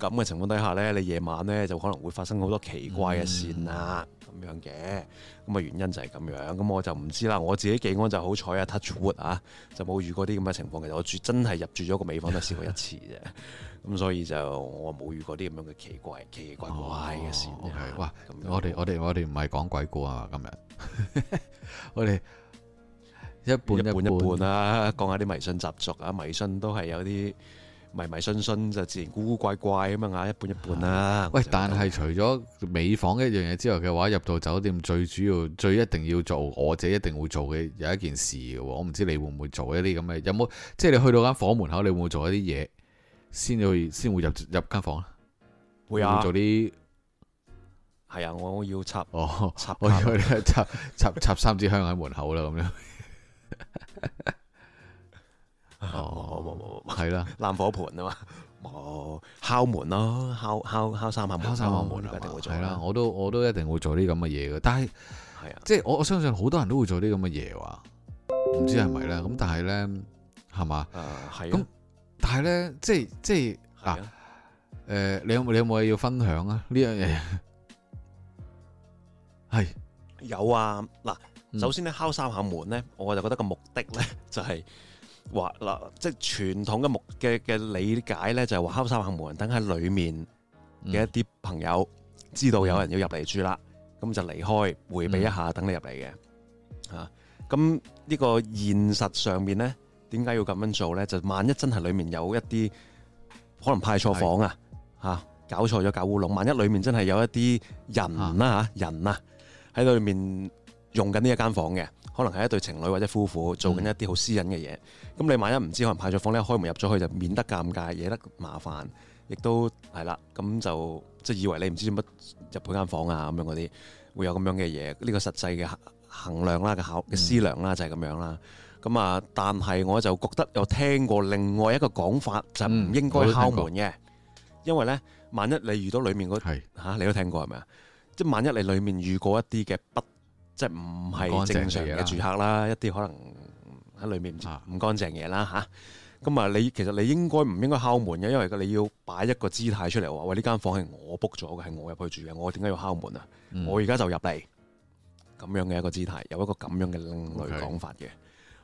咁嘅情況底下呢，你夜晚呢就可能會發生好多奇怪嘅事啊，咁、嗯、樣嘅，咁嘅原因就係咁樣。咁我就唔知啦，我自己技安就好彩啊，Touchwood 啊，就冇遇過啲咁嘅情況。其實我真係入住咗個美房都試過一次啫，咁 所以就我冇遇過啲咁樣嘅奇怪、奇奇怪怪嘅、啊哦 okay, 事。哇， 我哋我哋我哋唔係講鬼故啊，今日我哋。一半一半啦，講下啲迷信習俗啊，迷信都係有啲迷迷信信就自然古古怪怪咁樣啊，一半一半啦、啊。喂，唔知但係除咗美房一樣嘢之外嘅話，入到酒店最主要、最一定要做，我自己一定會做嘅有一件事嘅。我唔知你會唔會做一啲咁嘅，有冇即係你去到間房間門口，你會唔會做一啲嘢先去先會入入間房啊？會啊！會做啲係啊，我要插哦，插我要插插插,插,插,插三支香喺門口啦，咁樣。哦、 嗯，冇冇，係啦，爛的 火盆啊嘛，哦，敲門咯，敲敲敲三下門，敲三下門一定會做，係啦，我都我都一定會做啲咁嘅嘢嘅，但係，係啊的，即係我我相信好多人都會做啲咁嘅嘢話，唔知係咪咧？咁、嗯、但係咧，係嘛，咁、啊、但係咧，即係即係嗱，誒的、啊呃，你有冇你有冇嘢要分享啊？呢樣嘢係有啊，嗱。首先咧，敲三下門咧，我就覺得個目的咧就係話嗱，即係傳統嘅目嘅嘅理解咧，就係話敲三下門，等喺裏面嘅一啲朋友知道有人要入嚟住啦，咁、嗯、就離開迴避一下，等你入嚟嘅。啊，咁呢個現實上面咧，點解要咁樣做咧？就萬一真係裏面有一啲可能派錯房啊，嚇的、啊、搞錯咗搞烏龍，萬一裏面真係有一啲人啦嚇人啊喺裏、啊啊、面。用緊呢一間房嘅，可能係一對情侶或者夫婦做緊一啲好私隱嘅嘢。咁、嗯嗯、你萬一唔知，可能派咗房呢開門入咗去就免得尷尬，惹得麻煩，亦都係啦。咁、嗯、就即係以為你唔知做乜入佢間房啊，咁樣嗰啲會有咁樣嘅嘢。呢、這個實際嘅衡量啦嘅考嘅思量啦就係咁樣啦。咁、嗯、啊、嗯，但係我就覺得有聽過另外一個講法就唔、是、應該敲門嘅，嗯、因為咧萬一你遇到裡面嗰是、啊、你都聽過係咪啊？即係、就是、萬一你裡面遇過一啲嘅不。即係唔係正常嘅住客啦，啊、一啲可能喺裏面唔乾淨嘢啦吓。咁啊，啊你其實你應該唔應該敲門嘅？因為你要擺一個姿態出嚟，話喂呢、這個、間房係我 book 咗嘅，係我入去住嘅，我點解要敲門啊？嗯、我而家就入嚟咁樣嘅一個姿態，有一個咁樣嘅另類講法嘅。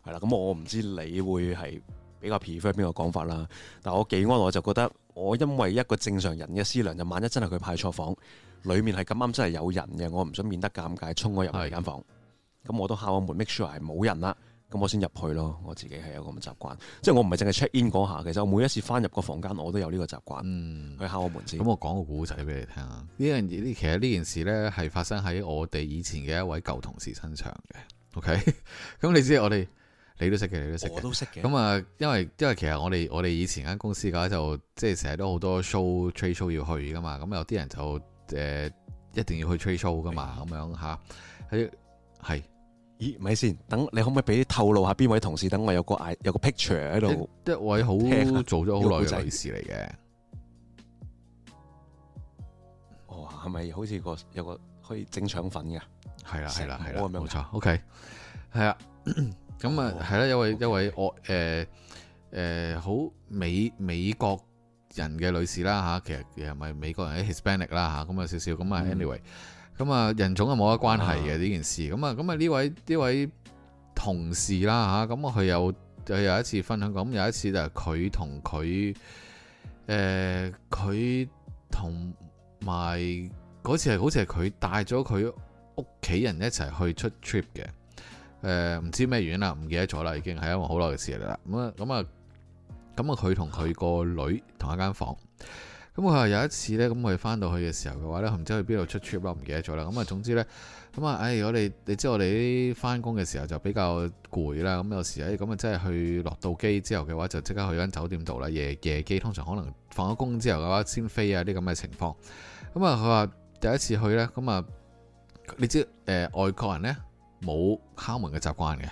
係啦 okay.，咁我唔知你會係。比較 prefer 邊個講法啦，但我技安，我就覺得我因為一個正常人嘅思量，就萬一真係佢派錯房，裏面係咁啱真係有人嘅，我唔想變得尷尬，衝我入去間房，咁的我都敲我門，make sure 係冇人啦，咁我先入去咯。我自己係有咁嘅習慣，即係我唔係淨係 check in 嗰下，其實我每一次翻入個房間，我都有呢個習慣，嗯、去敲我門先。咁、嗯、我講個古仔俾你聽啊，呢樣嘢呢，其實呢件事咧係發生喺我哋以前嘅一位舊同事身上嘅。的 OK，咁 你知我哋。你都識嘅，你都識嘅。我都識嘅。咁啊，因為因為其實我哋我哋以前間公司嘅話，就即係成日都好多 show trade show 要去噶嘛。咁有啲人就誒一定要去 trade show 噶嘛。咁樣吓，係係。咦，咪先？等你可唔可以俾透露下邊位同事？等我有個有個 picture 喺度，一位好做咗好耐嘅女士嚟嘅。哇，係咪好似個有個可以整腸粉嘅？係啦，係啦，係啦，冇錯。OK，係啊。咁啊係啦那，一位一位外誒誒好美美國人嘅女士啦吓，其實佢係咪美國人？喺 Hispanic 啦、嗯、吓，咁啊少少咁啊，anyway，咁啊人種啊冇乜關係嘅呢、嗯、件事。咁啊咁啊呢位呢位，呢位同事啦吓，咁佢有佢有一次分享過，咁有一次就係佢同佢誒佢同埋嗰次係好似係佢帶咗佢屋企人一齊去出 trip 嘅。誒唔知咩原因啦，唔記得咗啦，已經係因為好耐嘅事嚟啦。咁啊咁啊咁啊，佢同佢個女同一間房。咁佢話有一次呢，咁佢翻到去嘅時候嘅話呢，唔知去邊度出 trip 咯，唔記得咗啦。咁啊，總之呢，咁啊，誒、哎，如果你你知我哋啲翻工嘅時候就比較攰啦。咁有時誒，咁啊真係去落到機之後嘅話，就即刻去間酒店度啦。夜夜機，通常可能放咗工之後嘅話先飛啊，啲咁嘅情況。咁啊，佢話第一次去呢，咁啊，你知誒、呃、外國人呢？冇敲門嘅習慣嘅，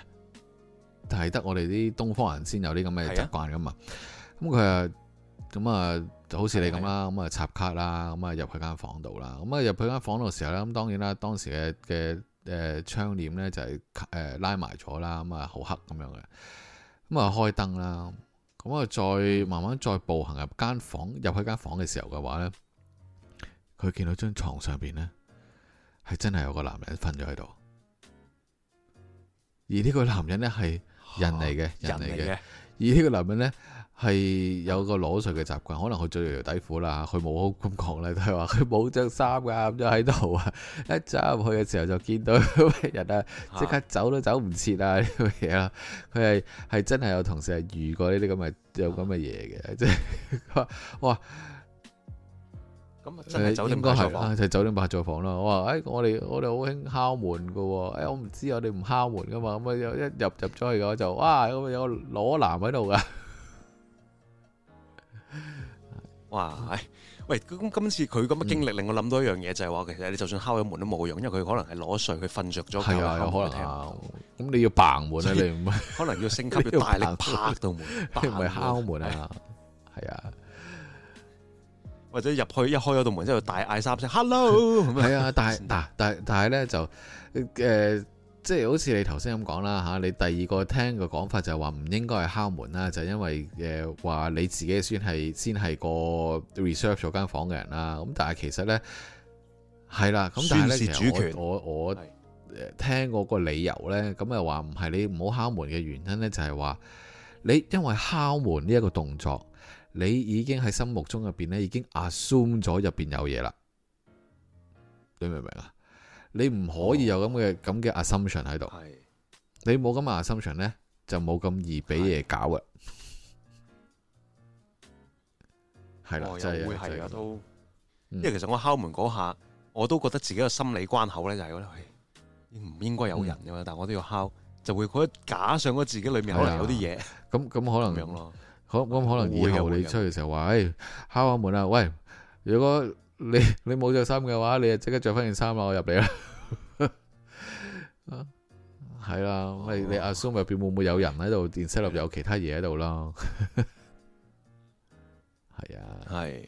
但係得我哋啲東方人先有啲咁嘅習慣噶嘛。咁佢啊，咁啊，就好似你咁啦，咁啊插卡啦，咁啊入去間房度啦。咁啊入去間房度嘅時候咧，咁當然啦，當時嘅嘅誒窗簾咧就係誒拉埋咗啦，咁啊好黑咁樣嘅。咁啊開燈啦，咁啊再慢慢再步行入間房，入去間房嘅時候嘅話咧，佢見到張床上邊咧係真係有個男人瞓咗喺度。而呢個男人呢係人嚟嘅，人嚟嘅。而呢個男人呢係有個裸睡嘅習慣，可能佢着條底褲啦，佢冇咁講啦，佢話佢冇着衫噶咁樣喺度啊！一走入去嘅時候就見到人啊，即刻走都走唔切啊！呢個嘢啦，佢係係真係有同事係遇過呢啲咁嘅有咁嘅嘢嘅，即係哇！咁啊，就係九點幾啊，係九點八做房啦。我話誒，我哋我哋好興敲門嘅喎。誒，我唔知我哋唔敲門嘅嘛。咁啊，一入入咗去嘅就哇，有有裸男喺度噶。哇！喂，咁今次佢咁嘅經歷令我諗到一樣嘢，就係話其實你就算敲咗門都冇用，因為佢可能係攞睡，佢瞓著咗。係啊，有可能。咁你要嘭門啊？唔係，你可能要升級要大力拍到門，唔係敲門啊。係啊。或者入去一開咗道門之後，大嗌三聲 hello。係啊，但係嗱，但係但係咧就誒，即係好似你頭先咁講啦嚇。你第二個聽嘅講法就係話唔應該係敲門啦，就因為誒話你自己先係先係個 reserve 咗間房嘅人啦。咁但係其實咧係啦，咁但係咧其實我我聽嗰個理由咧，咁又話唔係你唔好敲門嘅原因咧，就係話你因為敲門呢一個動作。你已經喺心目中入邊咧，已經 assume 咗入邊有嘢啦，你明唔明啊？你唔可以有咁嘅咁嘅 assumption 喺度。係的，你冇咁嘅 assumption 咧，就冇咁易俾嘢搞啊。係啦，就會係啊，都的。因為其實我敲門嗰下，我都覺得自己嘅心理關口咧、就是，就係覺得係唔應該有人㗎嘛。但係我都要敲，就會覺得假想咗自己裏面可能有啲嘢的。咁咁可能樣咯。咁可能以後你出去嘅時候話，誒、哎、敲下門啊，喂，如果你你冇着衫嘅話，你就即刻着翻件衫啦，我入嚟啦，係 啦 了，咁、哦、你阿叔入邊會唔會有人喺度？電室入有其他嘢喺度啦，係 啊，係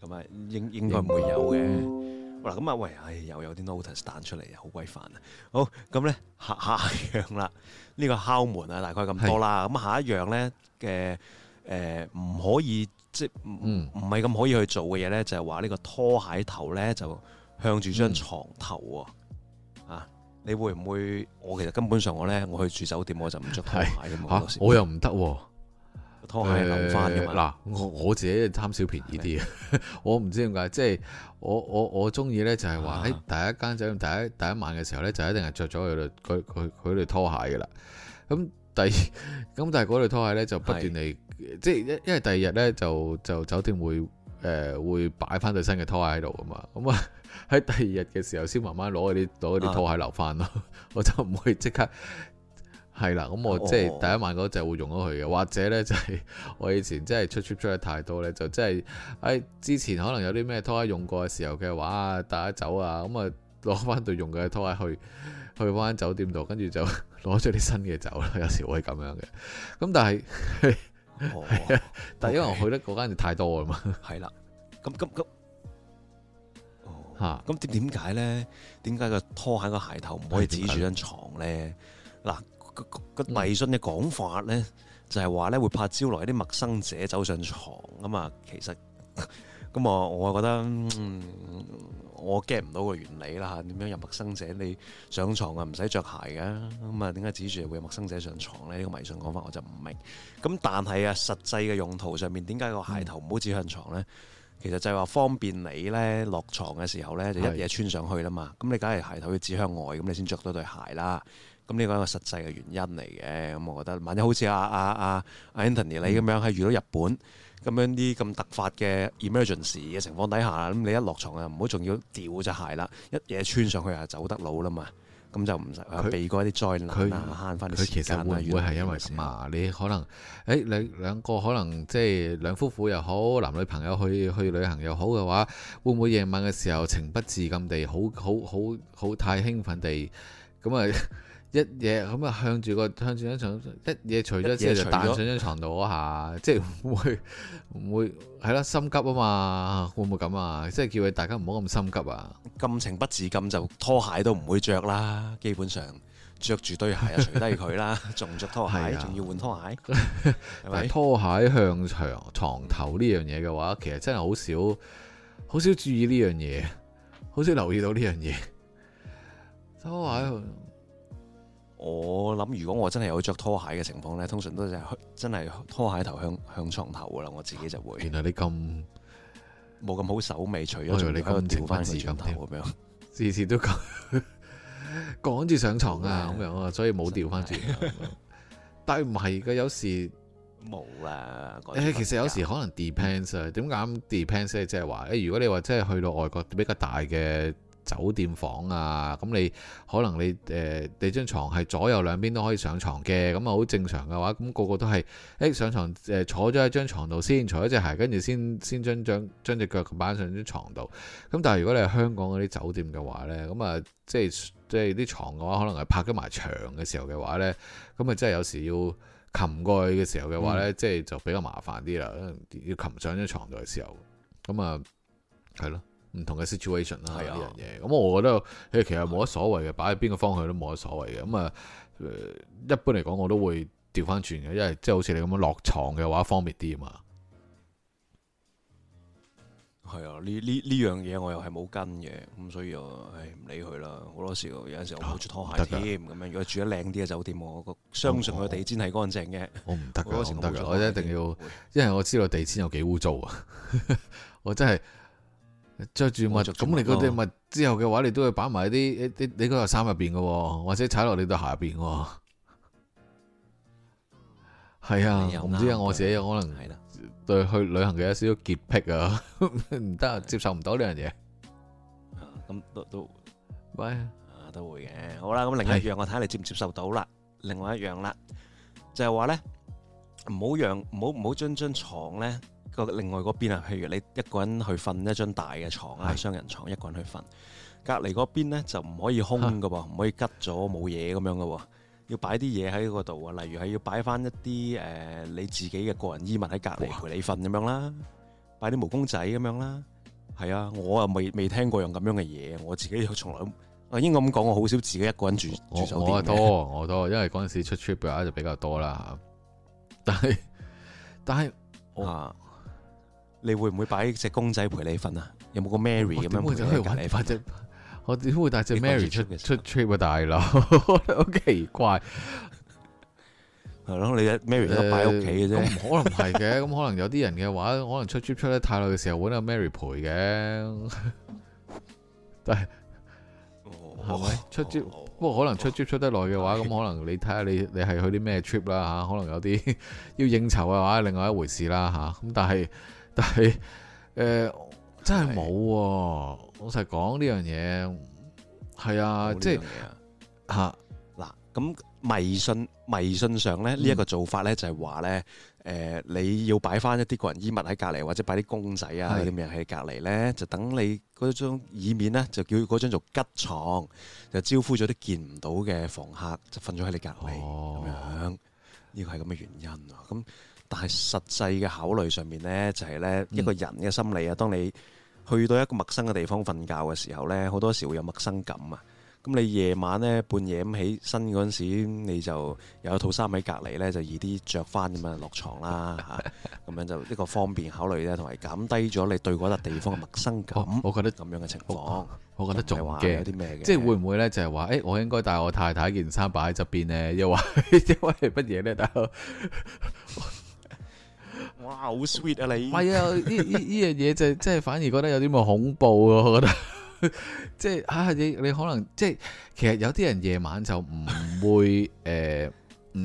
咁啊，應應該唔會有嘅。嗱咁啊，喂，又、哎、又有啲 notes 彈出嚟好鬼煩啊。好咁咧，下下樣啦，呢、這個敲門啊，大概咁多啦。咁是下一樣咧嘅。呃誒唔、呃、可以即係唔唔係咁可以去做嘅嘢咧，嗯、就係話呢個拖鞋頭咧就向住張床頭、嗯、啊！你會唔會？我其實根本上我咧，我去住酒店我就唔着拖鞋嘅。嚇是、啊！我又唔得喎，拖鞋諗返嘅嘛。嗱、呃，我我自己貪小便宜啲嘅嗎， 我唔知點解，即係我我我中意咧就係話喺第一間酒店第一第一，第一晚嘅時候咧，就一定係着咗佢對佢佢佢對拖鞋嘅啦。咁第咁但係嗰對拖鞋咧就不斷地。即係一，因為第二日咧就就酒店會誒會擺翻對新嘅拖鞋喺度啊嘛，咁啊喺第二日嘅時候先慢慢攞嗰啲攞啲拖鞋留翻咯，我就唔會即刻係啦，咁我即係第一晚嗰隻會用咗佢嘅，或者咧就係我以前真係出 trip 出得太多咧，就真係誒之前可能有啲咩拖鞋用過嘅時候嘅話啊，帶啲走啊，咁啊攞翻對用嘅拖鞋去去放酒店度，跟住就攞咗啲新嘅走啦，有時會咁樣嘅，咁但係。哦、 但係因為我去得嗰間就太多啊嘛，係啦， 咁咁咁，吓，咁點點解咧？點解個拖鞋個鞋頭唔可以指住張床咧？嗱，個、啊、迷信嘅講法咧，就係話咧會怕招來啲陌生者走上床啊嘛、啊。其實，咁、啊、我我覺得。嗯我 get 唔到個原理啦嚇，點樣有陌生者你上床啊？唔使着鞋嘅，咁啊點解指住會有陌生者上床呢？呢、這個迷信講法我就唔明。咁但係啊，實際嘅用途上面，點解個鞋頭唔好指向床呢？嗯、其實就係話方便你呢落床嘅時候呢，就一嘢穿上去啦嘛。咁是的 你梗係鞋頭要指向外，咁你先着到對鞋啦。咁呢個係一個實際嘅原因嚟嘅。咁我覺得，萬一好似阿阿阿 Anthony 你咁樣係遇到日本。嗯嗯咁樣啲咁突發嘅 emergency 嘅情況底下，咁你一落床啊，唔好仲要掉隻鞋啦。一嘢穿上去啊，走得佬啦嘛。咁就唔使避過啲災難，慳翻啲錢。佢它其實會唔會係因為咁啊？你可能誒兩、欸、你兩個可能即係兩夫婦又好，男女朋友去去旅行又好嘅話，會唔會夜晚嘅時候情不自禁地好好好好，好太興奮地咁啊？一嘢咁啊，向住個向住張床一，一嘢除咗即係彈上張床度嗰下，即係會會係咯，心急啊嘛，會唔會咁啊？即係叫佢大家唔好咁心急啊！咁情不自禁就拖鞋都唔會着啦，基本上着住對鞋啊，除低佢啦，仲着拖鞋，仲要換拖鞋。對啊、拖鞋向床床頭呢樣嘢嘅話，其實真係好少，好少注意呢樣嘢，好少留意到呢樣嘢。 拖鞋。我諗如果我真係有着拖鞋嘅情況咧，通常都係真係拖鞋頭向向床頭噶啦，我自己就會。原來你咁冇咁好手尾，除咗仲你咁調翻時間頭咁樣，次次都講趕住上床啊咁樣啊，所以冇調翻轉。啊、 但係唔係嘅，有時冇啦。其實有時可能 depends 啊、嗯。點解 depends 即係話、就、誒、是，如果你話真係去到外國比較大嘅，酒店房啊，咁你可能你誒、呃、你張床係左右兩邊都可以上床嘅，咁啊好正常嘅話，咁、那個個都係誒上牀誒、呃、坐咗喺張床度先，先，除咗隻鞋，跟住先先將張將隻腳擺上張床度。咁但係如果你係香港嗰啲酒店嘅話呢，咁啊即係即係啲床嘅話，可能係拍緊埋牆嘅時候嘅話呢。咁啊即係有時要擒過去嘅時候嘅話呢，即係、嗯、就，就比較麻煩啲啦，要擒上張床度嘅時候，咁啊係咯。唔同嘅 situation 啦，呢樣嘢，咁我覺得其實冇乜所謂嘅，啊、擺喺邊個方向都冇乜所謂嘅。咁、嗯、啊，一般嚟講，我都會調翻轉嘅，因為即係好似你咁樣落牀嘅話，方便啲啊嘛。係啊，呢呢呢樣嘢我又係冇跟嘅，咁所以啊，誒唔理佢啦。好多時候有陣時候我冇住拖鞋添。咁、哦、樣如果住得靚啲嘅酒店，哦、我相信佢地氈係乾淨嘅、哦。我唔得㗎，我唔得㗎，我一定要，因為我知道地氈有幾污糟啊！我真係～着住乜着？咁你嗰啲咪之後嘅話，你都會擺埋啲啲你嗰對衫入邊嘅，或者踩落你對鞋入邊嘅。係 啊，唔又 知啊，好我自己可能對去旅行嘅一少少潔癖啊，唔得，接受唔到呢樣嘢。咁、嗯、都都，喂，都會嘅 Bye.、啊。好啦，咁另一樣是我睇下你接唔接受到啦。另外一樣啦，就係話咧，唔好讓唔好唔好將張牀咧。另外嗰邊啊，譬如你一個人去瞓一張大嘅床啊，雙的人床，一個人去瞓。隔籬嗰邊咧就唔可以空噶唔哈可以吉咗冇嘢咁樣噶要擺啲嘢喺嗰度啊，例如係要擺翻一啲誒、呃、你自己嘅個人衣物喺隔籬陪你瞓咁哇樣啦，擺啲毛公仔咁樣啦。係啊，我又未未聽過用咁樣嘅嘢，我自己又從來，應該咁講，我好少自己一個人住住酒店。我多我多，因為嗰陣時出 trip 啊就比較多啦。但係但係啊。 你會唔會擺隻公仔陪你瞓啊？有冇個 Mary 咁樣陪你瞓？我點會帶隻我點會帶隻 Mary 出出 trip 啊？大佬，好奇怪，係咯？你隻 Mary 都擺喺屋企嘅啫。可能係嘅，咁可能有啲人嘅話，可能出 trip 出得太耐嘅時候，會有 Mary 陪嘅。但係，係咪出 trip？不過可能出 trip 出得耐嘅話，咁可能你睇下你你係去啲咩 trip 啦吓。可能有啲要應酬嘅話，另外一回事啦吓。咁但係。但係，誒，真係冇，老實講呢樣嘢係啊，即係吓嗱，咁迷信迷信上咧呢一個做法咧就係話咧，誒，你要擺翻一啲個人衣物喺隔籬，或者擺啲公仔啊啲咁嘢喺隔籬咧，就等你嗰張耳面咧就叫嗰張做吉床，就招呼咗啲見唔到嘅房客就瞓咗喺你隔籬，咁樣呢個係咁嘅原因啊，咁。但係實際嘅考慮上面呢，就係呢一個人嘅心理啊。嗯、當你去到一個陌生嘅地方瞓覺嘅時候呢，好多時會有陌生感啊。咁你夜晚呢，半夜咁起身嗰陣時，你就又有一套衫喺隔籬呢，就易啲着翻咁樣落床啦咁 樣就一個方便考慮呢，同埋減低咗你對嗰笪地方嘅陌生感。我覺得咁樣嘅情況，我覺得仲話有啲咩嘅？即係會唔會呢？就係話誒，我應該帶我太太件衫擺喺側邊呢？又話即係乜嘢呢。？ 」 哇，好 sweet 啊你！唔係啊，呢呢呢樣嘢，就即係反而覺得有啲咁恐怖啊！我覺得 即係吓、啊、你，你可能即係其實有啲人夜晚就唔會誒，嗯、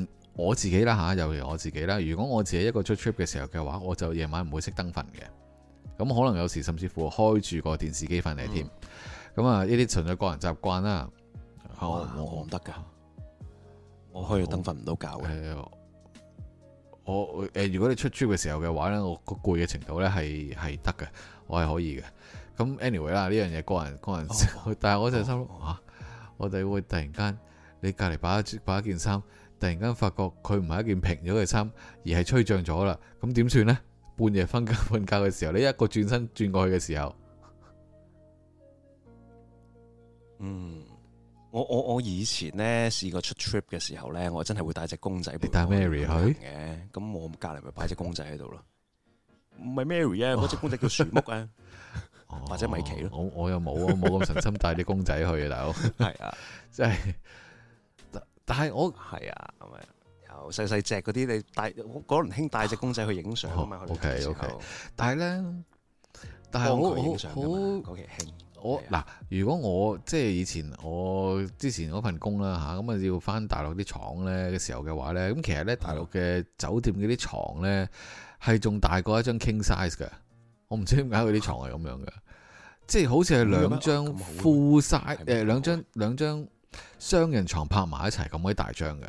呃，我自己啦吓，尤其我自己啦、啊，如果我自己一個出 trip 嘅時候嘅話，我就夜晚唔會熄燈瞓嘅。咁可能有時甚至乎開住個電視機瞓嚟添。咁啊、嗯，呢啲純粹個人習慣啦。好、啊，我唔得噶，我開住燈瞓唔到覺嘅。我誒、呃，如果你出租嘅時候嘅話咧，我個攰嘅程度咧係係得嘅，我係可以嘅。咁 anyway 啦，呢樣嘢個人個人 oh. Oh. Oh. 但係我淨心諗，裡心裡、啊，我哋會突然間，你隔籬擺一擺一件衫，突然間發覺佢唔係一件平咗嘅衫，而係吹脹咗啦。咁點算呢？半夜瞓覺瞓覺嘅時候，你一個轉身轉過去嘅時候，嗯。Mm. 我我我以前咧試過出 trip 嘅時候咧，我真係會帶隻公仔。你帶 Mary 去嘅，咁我隔籬咪擺隻公仔喺度咯。唔係 Mary 啊，嗰隻公仔叫樹木啊，哦、 或者米奇咯。我又我又冇啊，冇咁神心帶啲公仔去 啊，大佬。 係啊，即係，但係我係啊，係咪？由細細隻嗰啲，你帶嗰陣興帶隻公仔去影相啊嘛。O K O K，但係咧，但係我影相好，好我嗱，如果我即係以前我之前嗰份工啦吓，咁啊要翻大陸啲廠咧嘅時候嘅話咧，咁其實咧大陸嘅酒店嗰啲床咧係仲大過一張 king size 嘅，我唔知點解佢啲床係咁樣嘅，即係好似係兩張 full size 誒，兩張兩張雙人床拍埋一齊咁鬼大張嘅，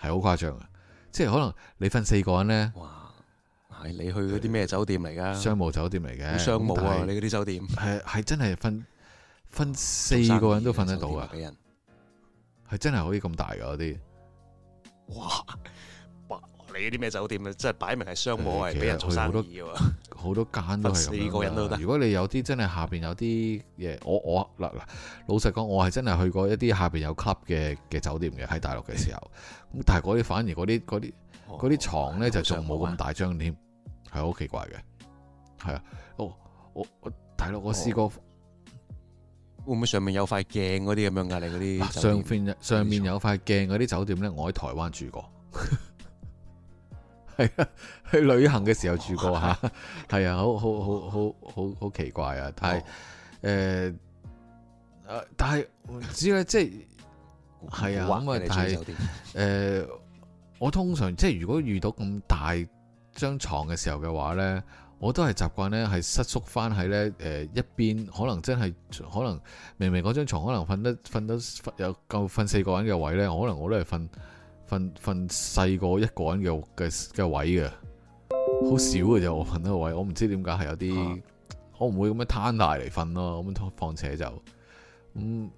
係好誇張嘅，即係可能你瞓四個人咧。你去嗰啲咩酒店嚟噶？商務酒店嚟嘅，商務啊！是你嗰啲酒店係係真係分分四個人都瞓得到啊！俾人係真係可以咁大噶嗰啲，哇！你啲咩酒店啊？即係擺明係商務，係俾的人做生意啊！好多間 都係 四個人都得。如果你有啲真係下邊有啲嘢，我我嗱嗱，老實講，我係真係去過一啲下邊有 club 嘅嘅酒店嘅喺大陸嘅時候，咁但係嗰啲反而嗰啲啲啲床咧、哦、就仲冇咁大張添。係好奇怪嘅，係啊！哦、oh, oh, oh,，我我，大佬，我試過會唔會上面有塊鏡啲咁樣噶、啊？你啲上面、嗯、上面有塊鏡啲酒店咧，我喺台灣住過，係啊，去旅行嘅時候住過吓，係、oh, 啊，啊，啊，啊，好好好好好好奇怪啊、哦呃呃！但係誒誒，但係唔知咧，即係係啊，咁啊，但係誒，我通常即係如果遇到咁大。張床嘅時候嘅話呢，我都係習慣呢，係失縮翻喺呢誒一邊，可能真係可能明明嗰張牀可能瞓得瞓到瞓有夠瞓四個人嘅位呢，可能我都係瞓瞓瞓細過一個人嘅嘅嘅位嘅，好少嘅就我瞓得個位，我唔知點解係有啲，我唔、啊、會咁樣攤大嚟瞓咯，咁況且就咁，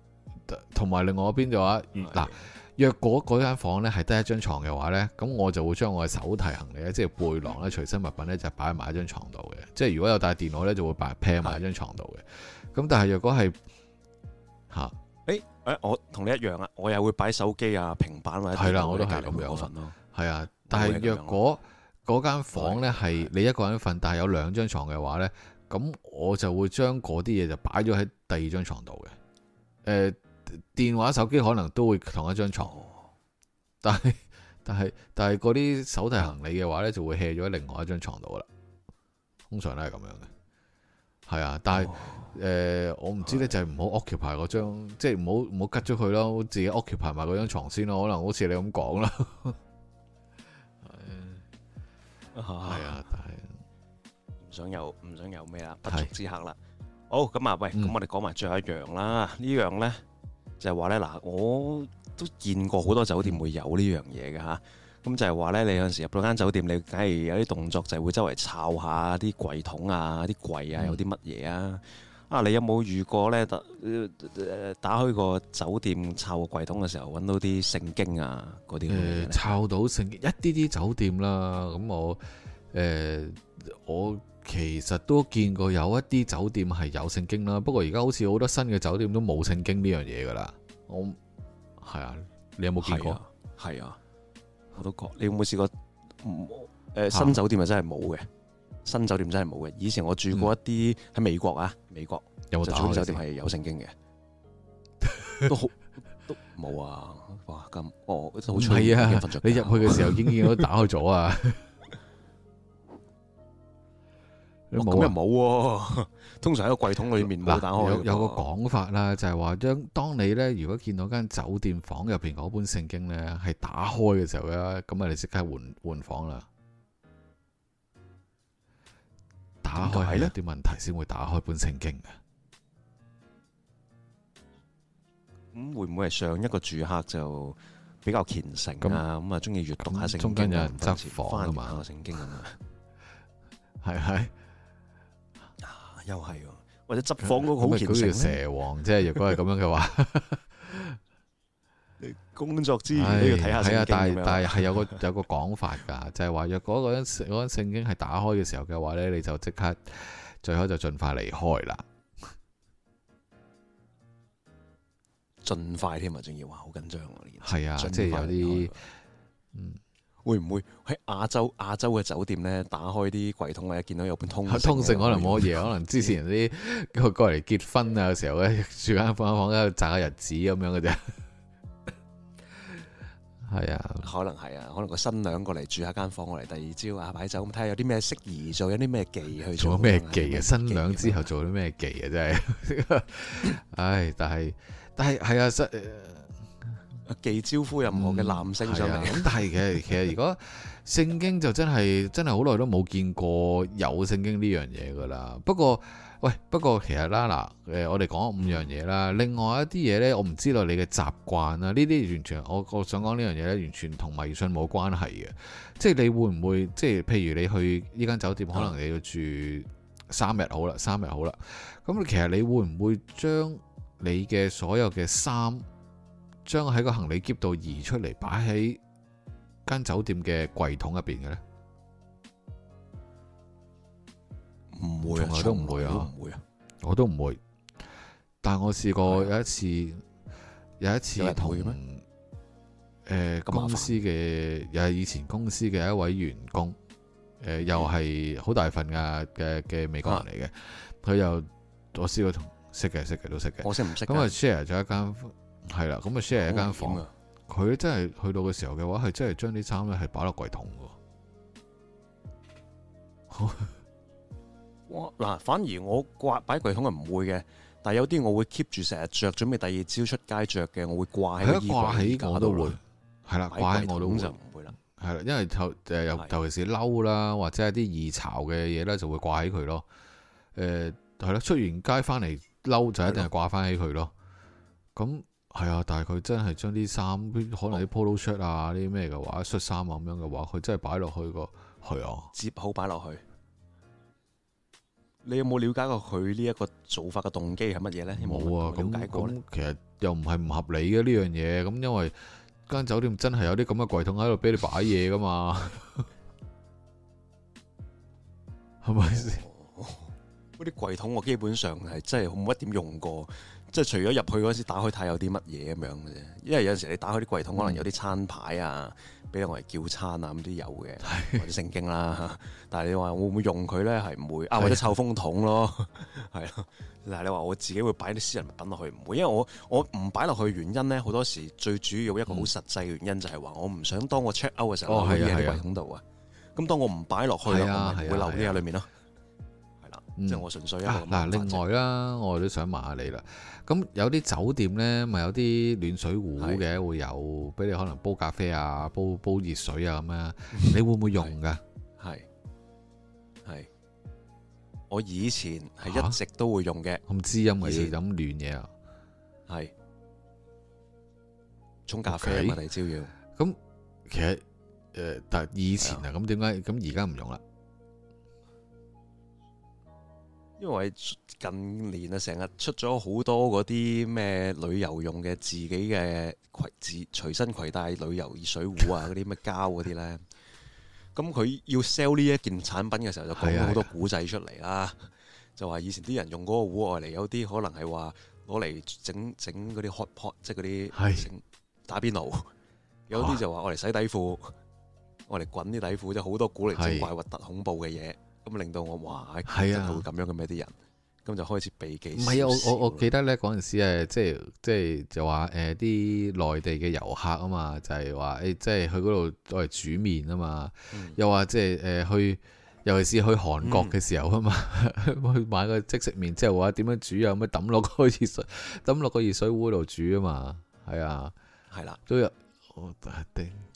同、嗯、埋另外一邊就話嗱。嗯喏若果嗰間房咧係得一張床嘅話呢，咁我就會將我嘅手提行李咧，即係背囊咧、隨身物品咧，就擺喺埋一張床度嘅。即係如果有帶電腦咧，就會擺 pair 埋一張床度嘅。咁的但係若果係吓，誒誒、欸，我同你一樣啦，我又會擺手機啊、平板或者係啦，我都係咁樣，係啊。的但係若果嗰間房呢係你一個人瞓，的但係有兩張床嘅話呢，咁我就會將嗰啲嘢就擺咗喺第二張床度嘅。誒、嗯。電話手機可能都會同一張床，但係但係但係嗰啲手提行李嘅話咧，就會 hea 咗喺另外一張床度噶啦，通常都係咁樣嘅，係啊，但係誒、哦呃、我唔知咧，的就係唔好 occupy 嗰張，即係唔好唔好吉咗佢咯，自己 occupy 埋嗰張床先咯，可能好似你咁講啦，係啊，啊，啊，但係唔想有唔想有咩啦，不速之客啦，的好咁啊，喂，咁我哋講埋最後一樣啦，呢樣咧。就係話咧，嗱，我都見過好多酒店會有，啊就是，呢樣嘢嘅嚇，咁就係話咧，你有陣時入到間酒店，你梗係有啲動作就係會周圍抄下啲櫃桶啊、啲櫃啊，有啲乜嘢啊？嗯、啊，你有冇遇過咧？打誒打開個酒店抄個櫃桶嘅時候，揾到啲聖經啊嗰啲嘅？抄、欸、到聖經一啲啲酒店啦，咁我誒我。欸我其實都見過有一啲酒店係有聖經啦，不過而家好似好多新嘅酒店都冇聖經呢樣嘢噶啦。我係啊，你有冇見過？係啊，啊，我都覺。你有冇試過？誒，新酒店啊，真係冇嘅。新酒店真係冇嘅。以前我住過一啲喺、嗯、美國啊，美國有冇打開酒店係有聖經嘅？ 都好都冇啊！哇，咁我好彩啊！你入去嘅時候已經已經都打開咗啊！冇又冇，哦啊、 通常喺個櫃桶裏面嗱、啊，有有個講法啦，就係話當當你咧，如果見到間酒店房入邊嗰本聖經咧係打開嘅時候咧，咁啊你即刻換換房啦。打開係一啲問題先會打開本聖經嘅。咁會唔會係上一個住客就比較虔誠啊？咁啊、嗯嗯，中意閱讀下聖經有人執房啊嘛？聖經啊嘛？係係。又係，或者執房嗰個好虔誠蛇王，即係若果係咁樣嘅話， 你工作之餘都要睇下聖、哎、是經但是。係但係係有個有個講法噶， 就係話若果嗰陣嗰陣聖經係打開嘅時候嘅話咧，你就即刻最好就盡快離開啦。盡快添啊，仲要話好緊張啊，係啊，即係有啲嗯。會唔會喺亞洲亞洲嘅酒店咧，打開啲櫃桶，或者見到有本通勝？通勝可能冇嘢。 可能之前啲過過嚟結婚 間間 啊，有時候咧住間房，房度擇下日子咁樣嘅啫。係啊，可能係啊，可能個新娘過嚟住下間房間，我嚟第二朝啊擺酒，咁睇下有啲咩適宜做，有啲咩忌去做。做咩忌啊？忌啊新娘之後做啲咩忌啊？真係，唉，但係但係係啊新。記招呼任何嘅男性上嚟、嗯，咁、啊、但係其，其實如果聖經就真係真係好耐都冇見過有聖經呢樣嘢噶啦。不過，喂，不過其實啦嗱，誒、呃，我哋講五樣嘢啦，嗯、另外一啲嘢呢，我唔知道你嘅習慣啦，呢啲完全我我想講呢樣嘢呢，完全同迷信冇關係嘅，即係你會唔會即係譬如你去呢間酒店，嗯、可能你要住三日好啦，三日好啦，咁其實你會唔會將你嘅所有嘅衫？將我喺個行李篋度移出嚟，擺喺間酒店嘅櫃桶入邊嘅咧？唔會，從來都唔會啊！我都唔會，但係我試過有一次，的有一次同誒公司嘅，又係以前公司嘅一位員工，誒、呃、又係好大份噶嘅嘅美國人嚟嘅，佢、啊、又我試過同識嘅，識嘅都識嘅，我識唔識？咁啊 share 咗一間。係啦，咁啊 share 一間房，佢真係去到嘅時候嘅話，係真係將啲衫咧係擺落櫃桶嘅。我嗱，反而我掛擺櫃桶係唔會嘅，但係有啲我會 keep 住成日着，準備第二朝出街着嘅，我會掛喺衣櫃。係啊，掛喺我都會係啦，掛喺我都會，唔會啦，係啦，因為頭誒尤其是嬲啦，或者係啲易潮嘅嘢咧，就會掛喺佢咯。誒、呃、係啦，出完街翻嚟嬲就一定係掛翻起佢咯，咁。係啊，但係佢真係將啲衫，可能啲 Polo shirt 啊，啲咩嘅話，恤衫啊咁樣嘅話，佢真係擺落去個，係啊，接好擺落去。你有冇了解過佢呢一個做法嘅動機係乜嘢咧？冇啊，咁解咁，嗯嗯嗯，其實又唔係唔合理嘅呢樣嘢，咁因為間酒店真係有啲咁嘅櫃桶喺度俾你擺嘢噶嘛，係咪先？嗰啲櫃桶我基本上係真係冇乜點用過。即係除咗入去嗰時打開睇有啲乜嘢咁樣嘅啫，因為有陣時你打開啲櫃桶，可能有啲餐牌啊，畀我哋叫餐啊咁都有嘅，或者的聖經啦、啊。但係你話會唔會用佢咧？係唔會的啊，或者抽風筒咯，係咯。但係你話我自己會擺啲私人物品落去唔會，因為我我唔擺落去原因咧，好多時最主要一個好實際嘅原因就係話我唔想當我 check out 嘅時候、哦我，我冇嘢喺櫃桶度啊。咁當我唔擺落去啦，會留啲嘢喺裡面咯。係啦，即係、就是、我純粹啊。嗱、嗯，另外啦，我都想問下你啦。咁有啲酒店咧，咪有啲暖水壺嘅，會有俾你可能煲咖啡啊，煲煲熱水啊咁樣，你會唔會用噶？係係，我以前係一直都會用嘅。咁知因為你飲暖嘢啊。係沖咖啡啊，你招要。咁其實誒，但係以前啊，咁點解咁而家唔用啦？因為近年啊，成日出咗好多嗰啲咩旅遊用嘅自己嘅攜自隨身攜帶旅遊熱水壺啊，嗰啲咩膠嗰啲呢？咁佢 要 sell 呢一件產品嘅時候就，的就講咗好多古仔出嚟啦，就話以前啲人用嗰個壺嚟，有啲可能係話攞嚟整整嗰啲 hotpot 即係嗰啲打邊爐，的有啲就話攞嚟洗底褲，攞嚟滾啲底褲，即係好多古靈精怪、核突、恐怖嘅嘢。咁令到我話！係啊，會咁樣嘅咩啲人？咁就開始避忌。唔係啊，我我記得咧，嗰陣時即係即係就話誒啲內地嘅遊客啊嘛，就係話誒，即、欸、係、就係、去嗰度攞嚟煮麵啊嘛，嗯、又話即係誒去，尤其是去韓國嘅時候啊嘛，去、嗯、買個即食麵之後話點樣煮啊？咁樣抌落個熱水，抌落個熱水壺度煮啊嘛，係、嗯、啊，係、啊、啦，都有我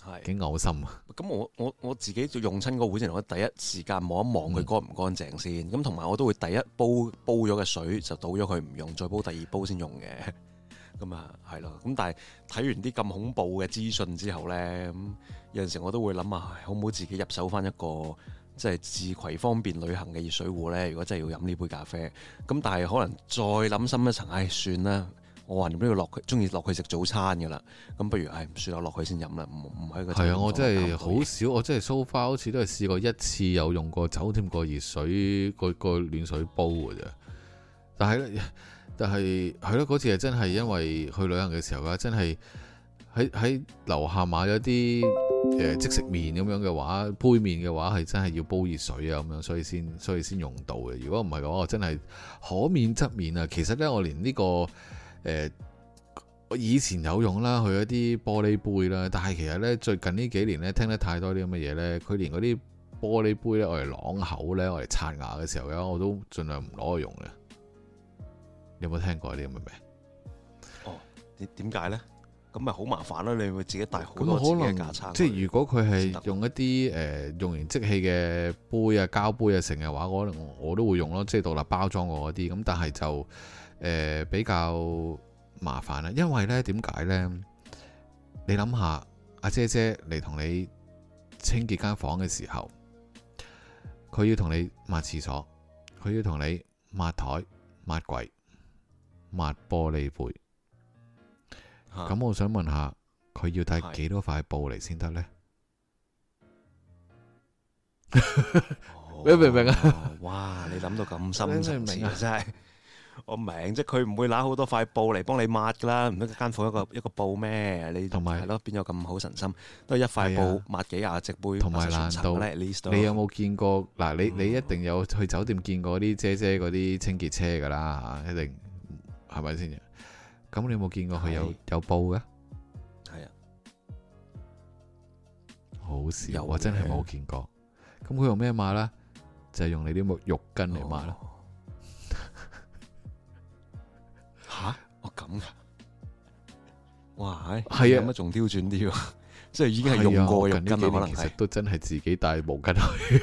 係幾嘔心啊！咁、嗯、我我我自己就用親個碗之前，我第一時間望一望佢乾唔乾淨先。咁同埋我都會第一煲煲咗嘅水就倒咗佢唔用，再煲第二煲先用嘅。咁 啊、嗯，係咯。咁但係睇完啲咁恐怖嘅資訊之後呢，咁、嗯、有陣時我都會諗啊、哎，好唔好自己入手翻一個即係自攜方便旅行嘅熱水壺呢？如果真係要飲呢杯咖啡，咁、嗯、但係可能再諗深一層，唉、哎，算啦。我話點都要落去，中意落去食早餐噶啦。咁不如，係唔算我落去先飲啦，唔唔喺個。係啊，我真係好少， 我真係 so far 好似都係試過一次有用過酒店個熱水個暖水煲噶啫。但係，但係係咯，嗰次係真係因為去旅行嘅時候啦，真係喺喺樓下買咗啲誒即食麵咁樣嘅話，杯麵嘅話係真係要煲熱水啊咁樣，所以先所以先用到嘅。如果唔係嘅話，我真係可免則免啊。其實咧，我連呢、這個。誒，我以前有用啦，佢一啲玻璃杯啦，但係其實咧，最近呢幾年咧聽得太多啲咁嘅嘢咧，佢連嗰啲玻璃杯咧我嚟啷口咧我嚟刷牙嘅時候咧，我都盡量唔攞去用嘅。你有冇聽過啲咁嘅名？哦，點解咧？咁咪好麻煩咯，你會自己帶好多錢嘅架。即係如果佢係用一啲誒用完即棄嘅杯啊、膠杯啊成嘅話，可能、呃、等等我，我都會用咯，即係獨立包裝我嗰啲。咁但係就。誒、呃，比較麻煩啦，因為咧，點解咧？你諗下，阿姐姐嚟同你清潔間房嘅時候，佢要同你抹廁所，佢要同你抹台、抹櫃、抹玻璃杯。咁、啊，我想問下，佢要帶幾多塊布嚟先得咧？明明啊？哇，你諗到咁深層次，真係、啊、～真是真我明，即係佢唔會拿好多塊布嚟幫你抹噶啦，唔通間房一個，房一，個一個布咩？你係咯，邊有咁好神心？都係一塊布的抹幾廿隻杯同埋難到？你有冇見過嗱？你你一定有去酒店見過啲姐姐嗰啲清潔車噶啦一定係咪先？咁你有冇見過佢有的有，有布嘅？係啊，好少有啊，真係冇見過。咁佢用咩抹咧？就係，用你啲沐浴巾嚟抹咯。哦哦咁噶，哇！係啊，咁樣仲刁鑽啲喎，的即係已經係用過嘅浴巾，可能其實都真係自己帶毛巾去。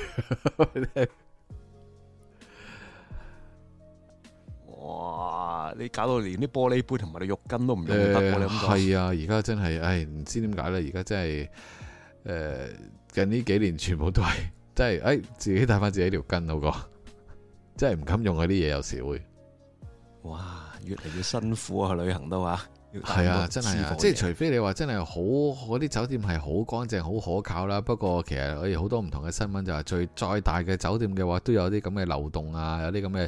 哇！你搞到連啲玻璃杯同埋你浴巾都唔用得喎、欸、你咁講係啊！而家真係，唉、哎，唔知點解咧？而家真係，誒、呃，近呢幾年全部都係，真係，誒、哎，自己帶翻自己條巾好過，真係唔敢用嗰啲嘢，有時會，哇！越嚟越辛苦啊！去旅行都啊，係啊，真係啊，食物。即係除非你話真係好嗰啲酒店係好乾淨、好可靠啦。不過其實我哋好多唔同嘅新聞就係最再大嘅酒店嘅話都有啲咁嘅漏洞啊，有啲咁嘅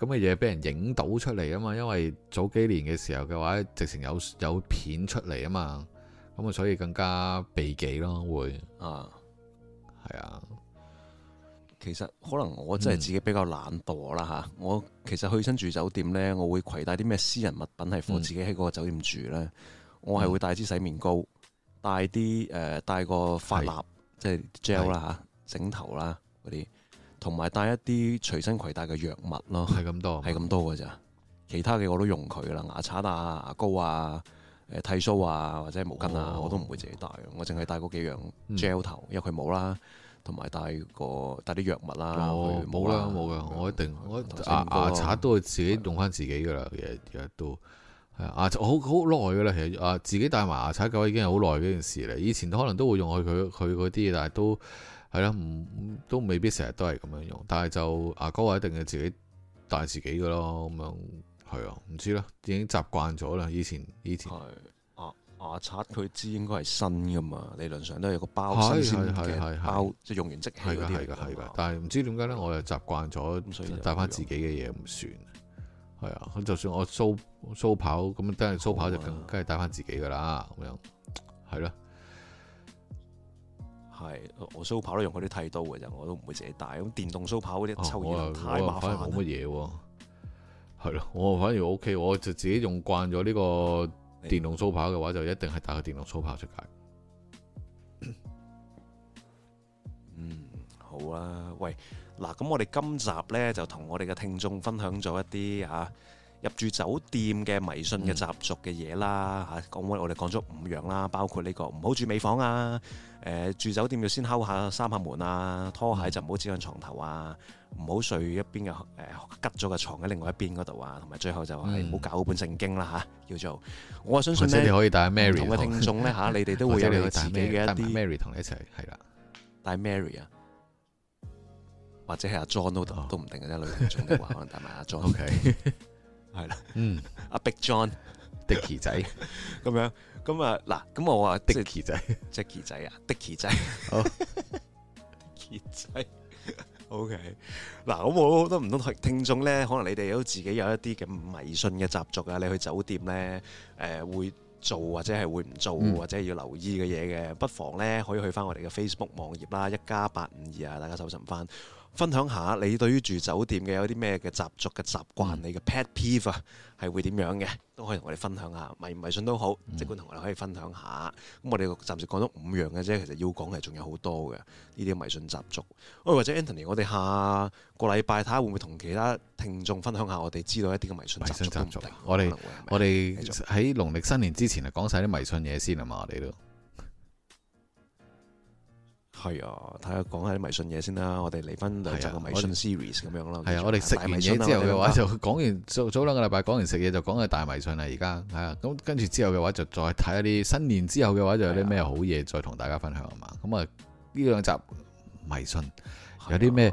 咁嘅嘢俾人影到出嚟啊嘛。因為早幾年嘅時候嘅話，直情有有片出嚟啊嘛，咁啊所以更加避忌咯，會啊，係啊。其實可能我真係自己比較懶惰啦嚇，我其實去親住酒店咧，我會攜帶啲咩私人物品係放自己喺個酒店住咧。我係會帶支洗面膏，帶啲誒帶個髮蠟，即係 gel 啦嚇，整頭啦嗰啲，同埋帶一啲隨身攜帶嘅藥物咯。係咁多，係咁多㗎咋？其他嘅我都用佢啦，牙刷啊、牙膏啊、誒剃鬚啊或者毛巾啊，我都唔會自己帶。我淨係帶嗰幾樣 gel 頭，因為佢冇啦。同埋帶個帶啲藥物啦，冇啦冇噶，樣我一定我牙、啊、牙刷都會自己用返自己噶啦是的，其實都係啊，好好耐噶啦，其實啊自己帶埋牙刷嘅已經係好耐嘅件事嚟，以前可能都會用佢佢嗰啲嘢，但係都係咯，唔都未必成日都係咁樣用，但係就牙膏我一定係自己帶自己噶咯，咁樣係啊，唔知啦，已經習慣咗啦，以前以前，以前牙刷佢知應該係新噶嘛？理論上都係有個包先嘅，包即係用完即棄嗰啲。係噶，係噶，係噶。但係唔知點解咧，我又習慣咗帶翻自己嘅嘢，唔算係啊。咁就算我掃掃跑咁，都係鬚刨就梗梗係帶翻自己噶啦。咁、啊、樣係咯，係我鬚刨都用嗰啲剃刀嘅啫，我都唔會自己帶。咁電動鬚刨嗰啲抽煙太麻煩冇乜嘢喎，係咯、啊嗯，我反而 OK，我就自己用慣咗呢、呢個。電動掃把嘅話，就一定係帶個電動掃把出街。嗯，好啊。喂，嗱，咁我哋今集呢就同我哋嘅聽眾分享咗一啲嚇入住酒店嘅迷信嘅習俗嘅嘢啦嚇，講開我哋講咗五樣啦，包括呢個唔好住尾房啊。誒住酒店要先敲下三下門啊，拖鞋就唔好置喺床頭啊，唔好睡一邊嘅誒拮咗嘅床喺另外一邊嗰度啊，同埋最後就係唔好搞本聖經啦嚇，要做。我相信你可以 m a 咧，同嘅聽眾咧嚇，你哋都會有自己嘅一啲。或者 Mary 同你一齊，係啦，帶 Mary 啊，或者係阿 John 都得，都唔定嘅啫。女聽眾嘅話可能帶埋阿 John。O K，係啦，阿 Big John，Dickie 仔咁樣。咁啊，嗱、嗯，咁我話 Dicky 仔，Dicky 仔啊，Dicky 仔，好，杰仔，OK，嗱，咁好多唔同聽眾咧，可能你哋都自己有一啲嘅迷信嘅習俗啊，你去酒店咧，誒、呃，會做或者係會唔做或者要留意嘅嘢嘅，嗯、不妨咧可以去翻我哋嘅 Facebook 網頁啦，一家八五二啊，52，大家搜尋翻。分享下你對於住酒店嘅有啲咩嘅習俗嘅習慣，嗯、你嘅 pet peeve 啊，係會點樣嘅？都可以同我哋分享下，迷唔迷信都好，即管同我哋可以分享下。咁、嗯、我哋暫時講咗五樣嘅啫，其實要講嘅仲有好多嘅呢啲迷信習俗。誒、哎、或者 Anthony，我哋下個禮拜睇下會唔會同其他聽眾分享下我哋知道一啲嘅迷信習俗。習俗我哋們我哋們喺嗎農曆新年之前啊，講晒啲迷信嘢先啦嘛，呢都。係啊，睇下講下啲迷信嘢先啦，我哋嚟翻兩集嘅迷信 series 咁樣咯。係啊，我哋食完嘢之後嘅話就講完，早早兩個禮拜講完食嘢就講下大迷信啦。而家係啊，咁跟住之後嘅話、嗯、話就再睇下啲新年之後嘅話就有啲咩好嘢再同大家分享啊嘛。咁啊呢兩集迷信有啲咩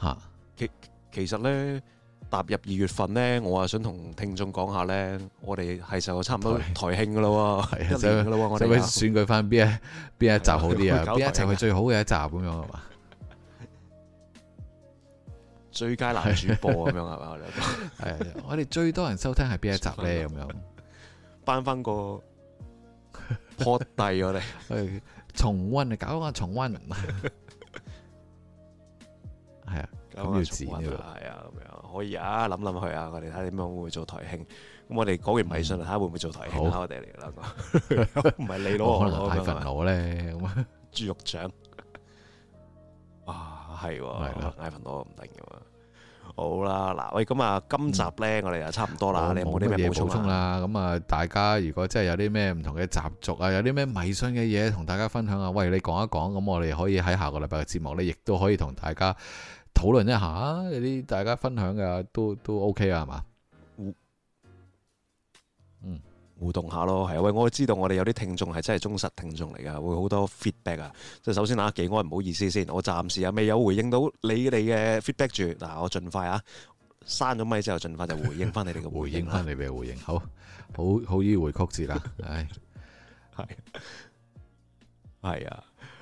吓？其其實咧。踏入二月份呢，我啊想同聽眾講下呢。我哋係就差唔多台慶噶啦，一年噶啦，我哋選舉翻邊一邊一集好啲啊，邊一集係最好嘅一集咁樣係嘛？最佳男主播咁樣係嘛？我哋最多人收聽係邊一集呢？咁樣，翻翻個破低我哋重溫，搞下重溫，係啊，咁要剪嘅。可以啊，諗諗佢啊，我哋睇點樣會唔會做台慶？咁我哋講完迷信啊，睇下會唔會做台慶啦，我哋嚟啦，唔係你攞，我可能迷信佬咧，豬肉腸啊，係喎，迷信佬唔定噶嘛。好啦，嗱，喂，咁啊，今集咧，我哋啊，差唔多啦，你冇乜嘢補充啦。咁啊，大家如果真係有啲咩唔同嘅習俗啊，有啲咩迷信嘅嘢，同大家分享啊，喂，你講一講，咁我哋可以喺下個禮拜嘅節目咧，亦都可以同大家。討論一下啲大家分享嘅都都 OK 啊，係嘛？互嗯互動下咯，係啊。喂，我知道我哋有啲聽眾係真係忠實聽眾嚟噶，會好多 feedback 啊。即係首先啊，技安唔好意思先，我暫時啊未有回應到你哋嘅 feedback 住、啊。嗱，我盡快啊，刪咗咪之後，盡快就回應翻你哋嘅回應翻 你哋嘅回應。好，好好以回曲字啦。唉、 哎，係係啊。哎呀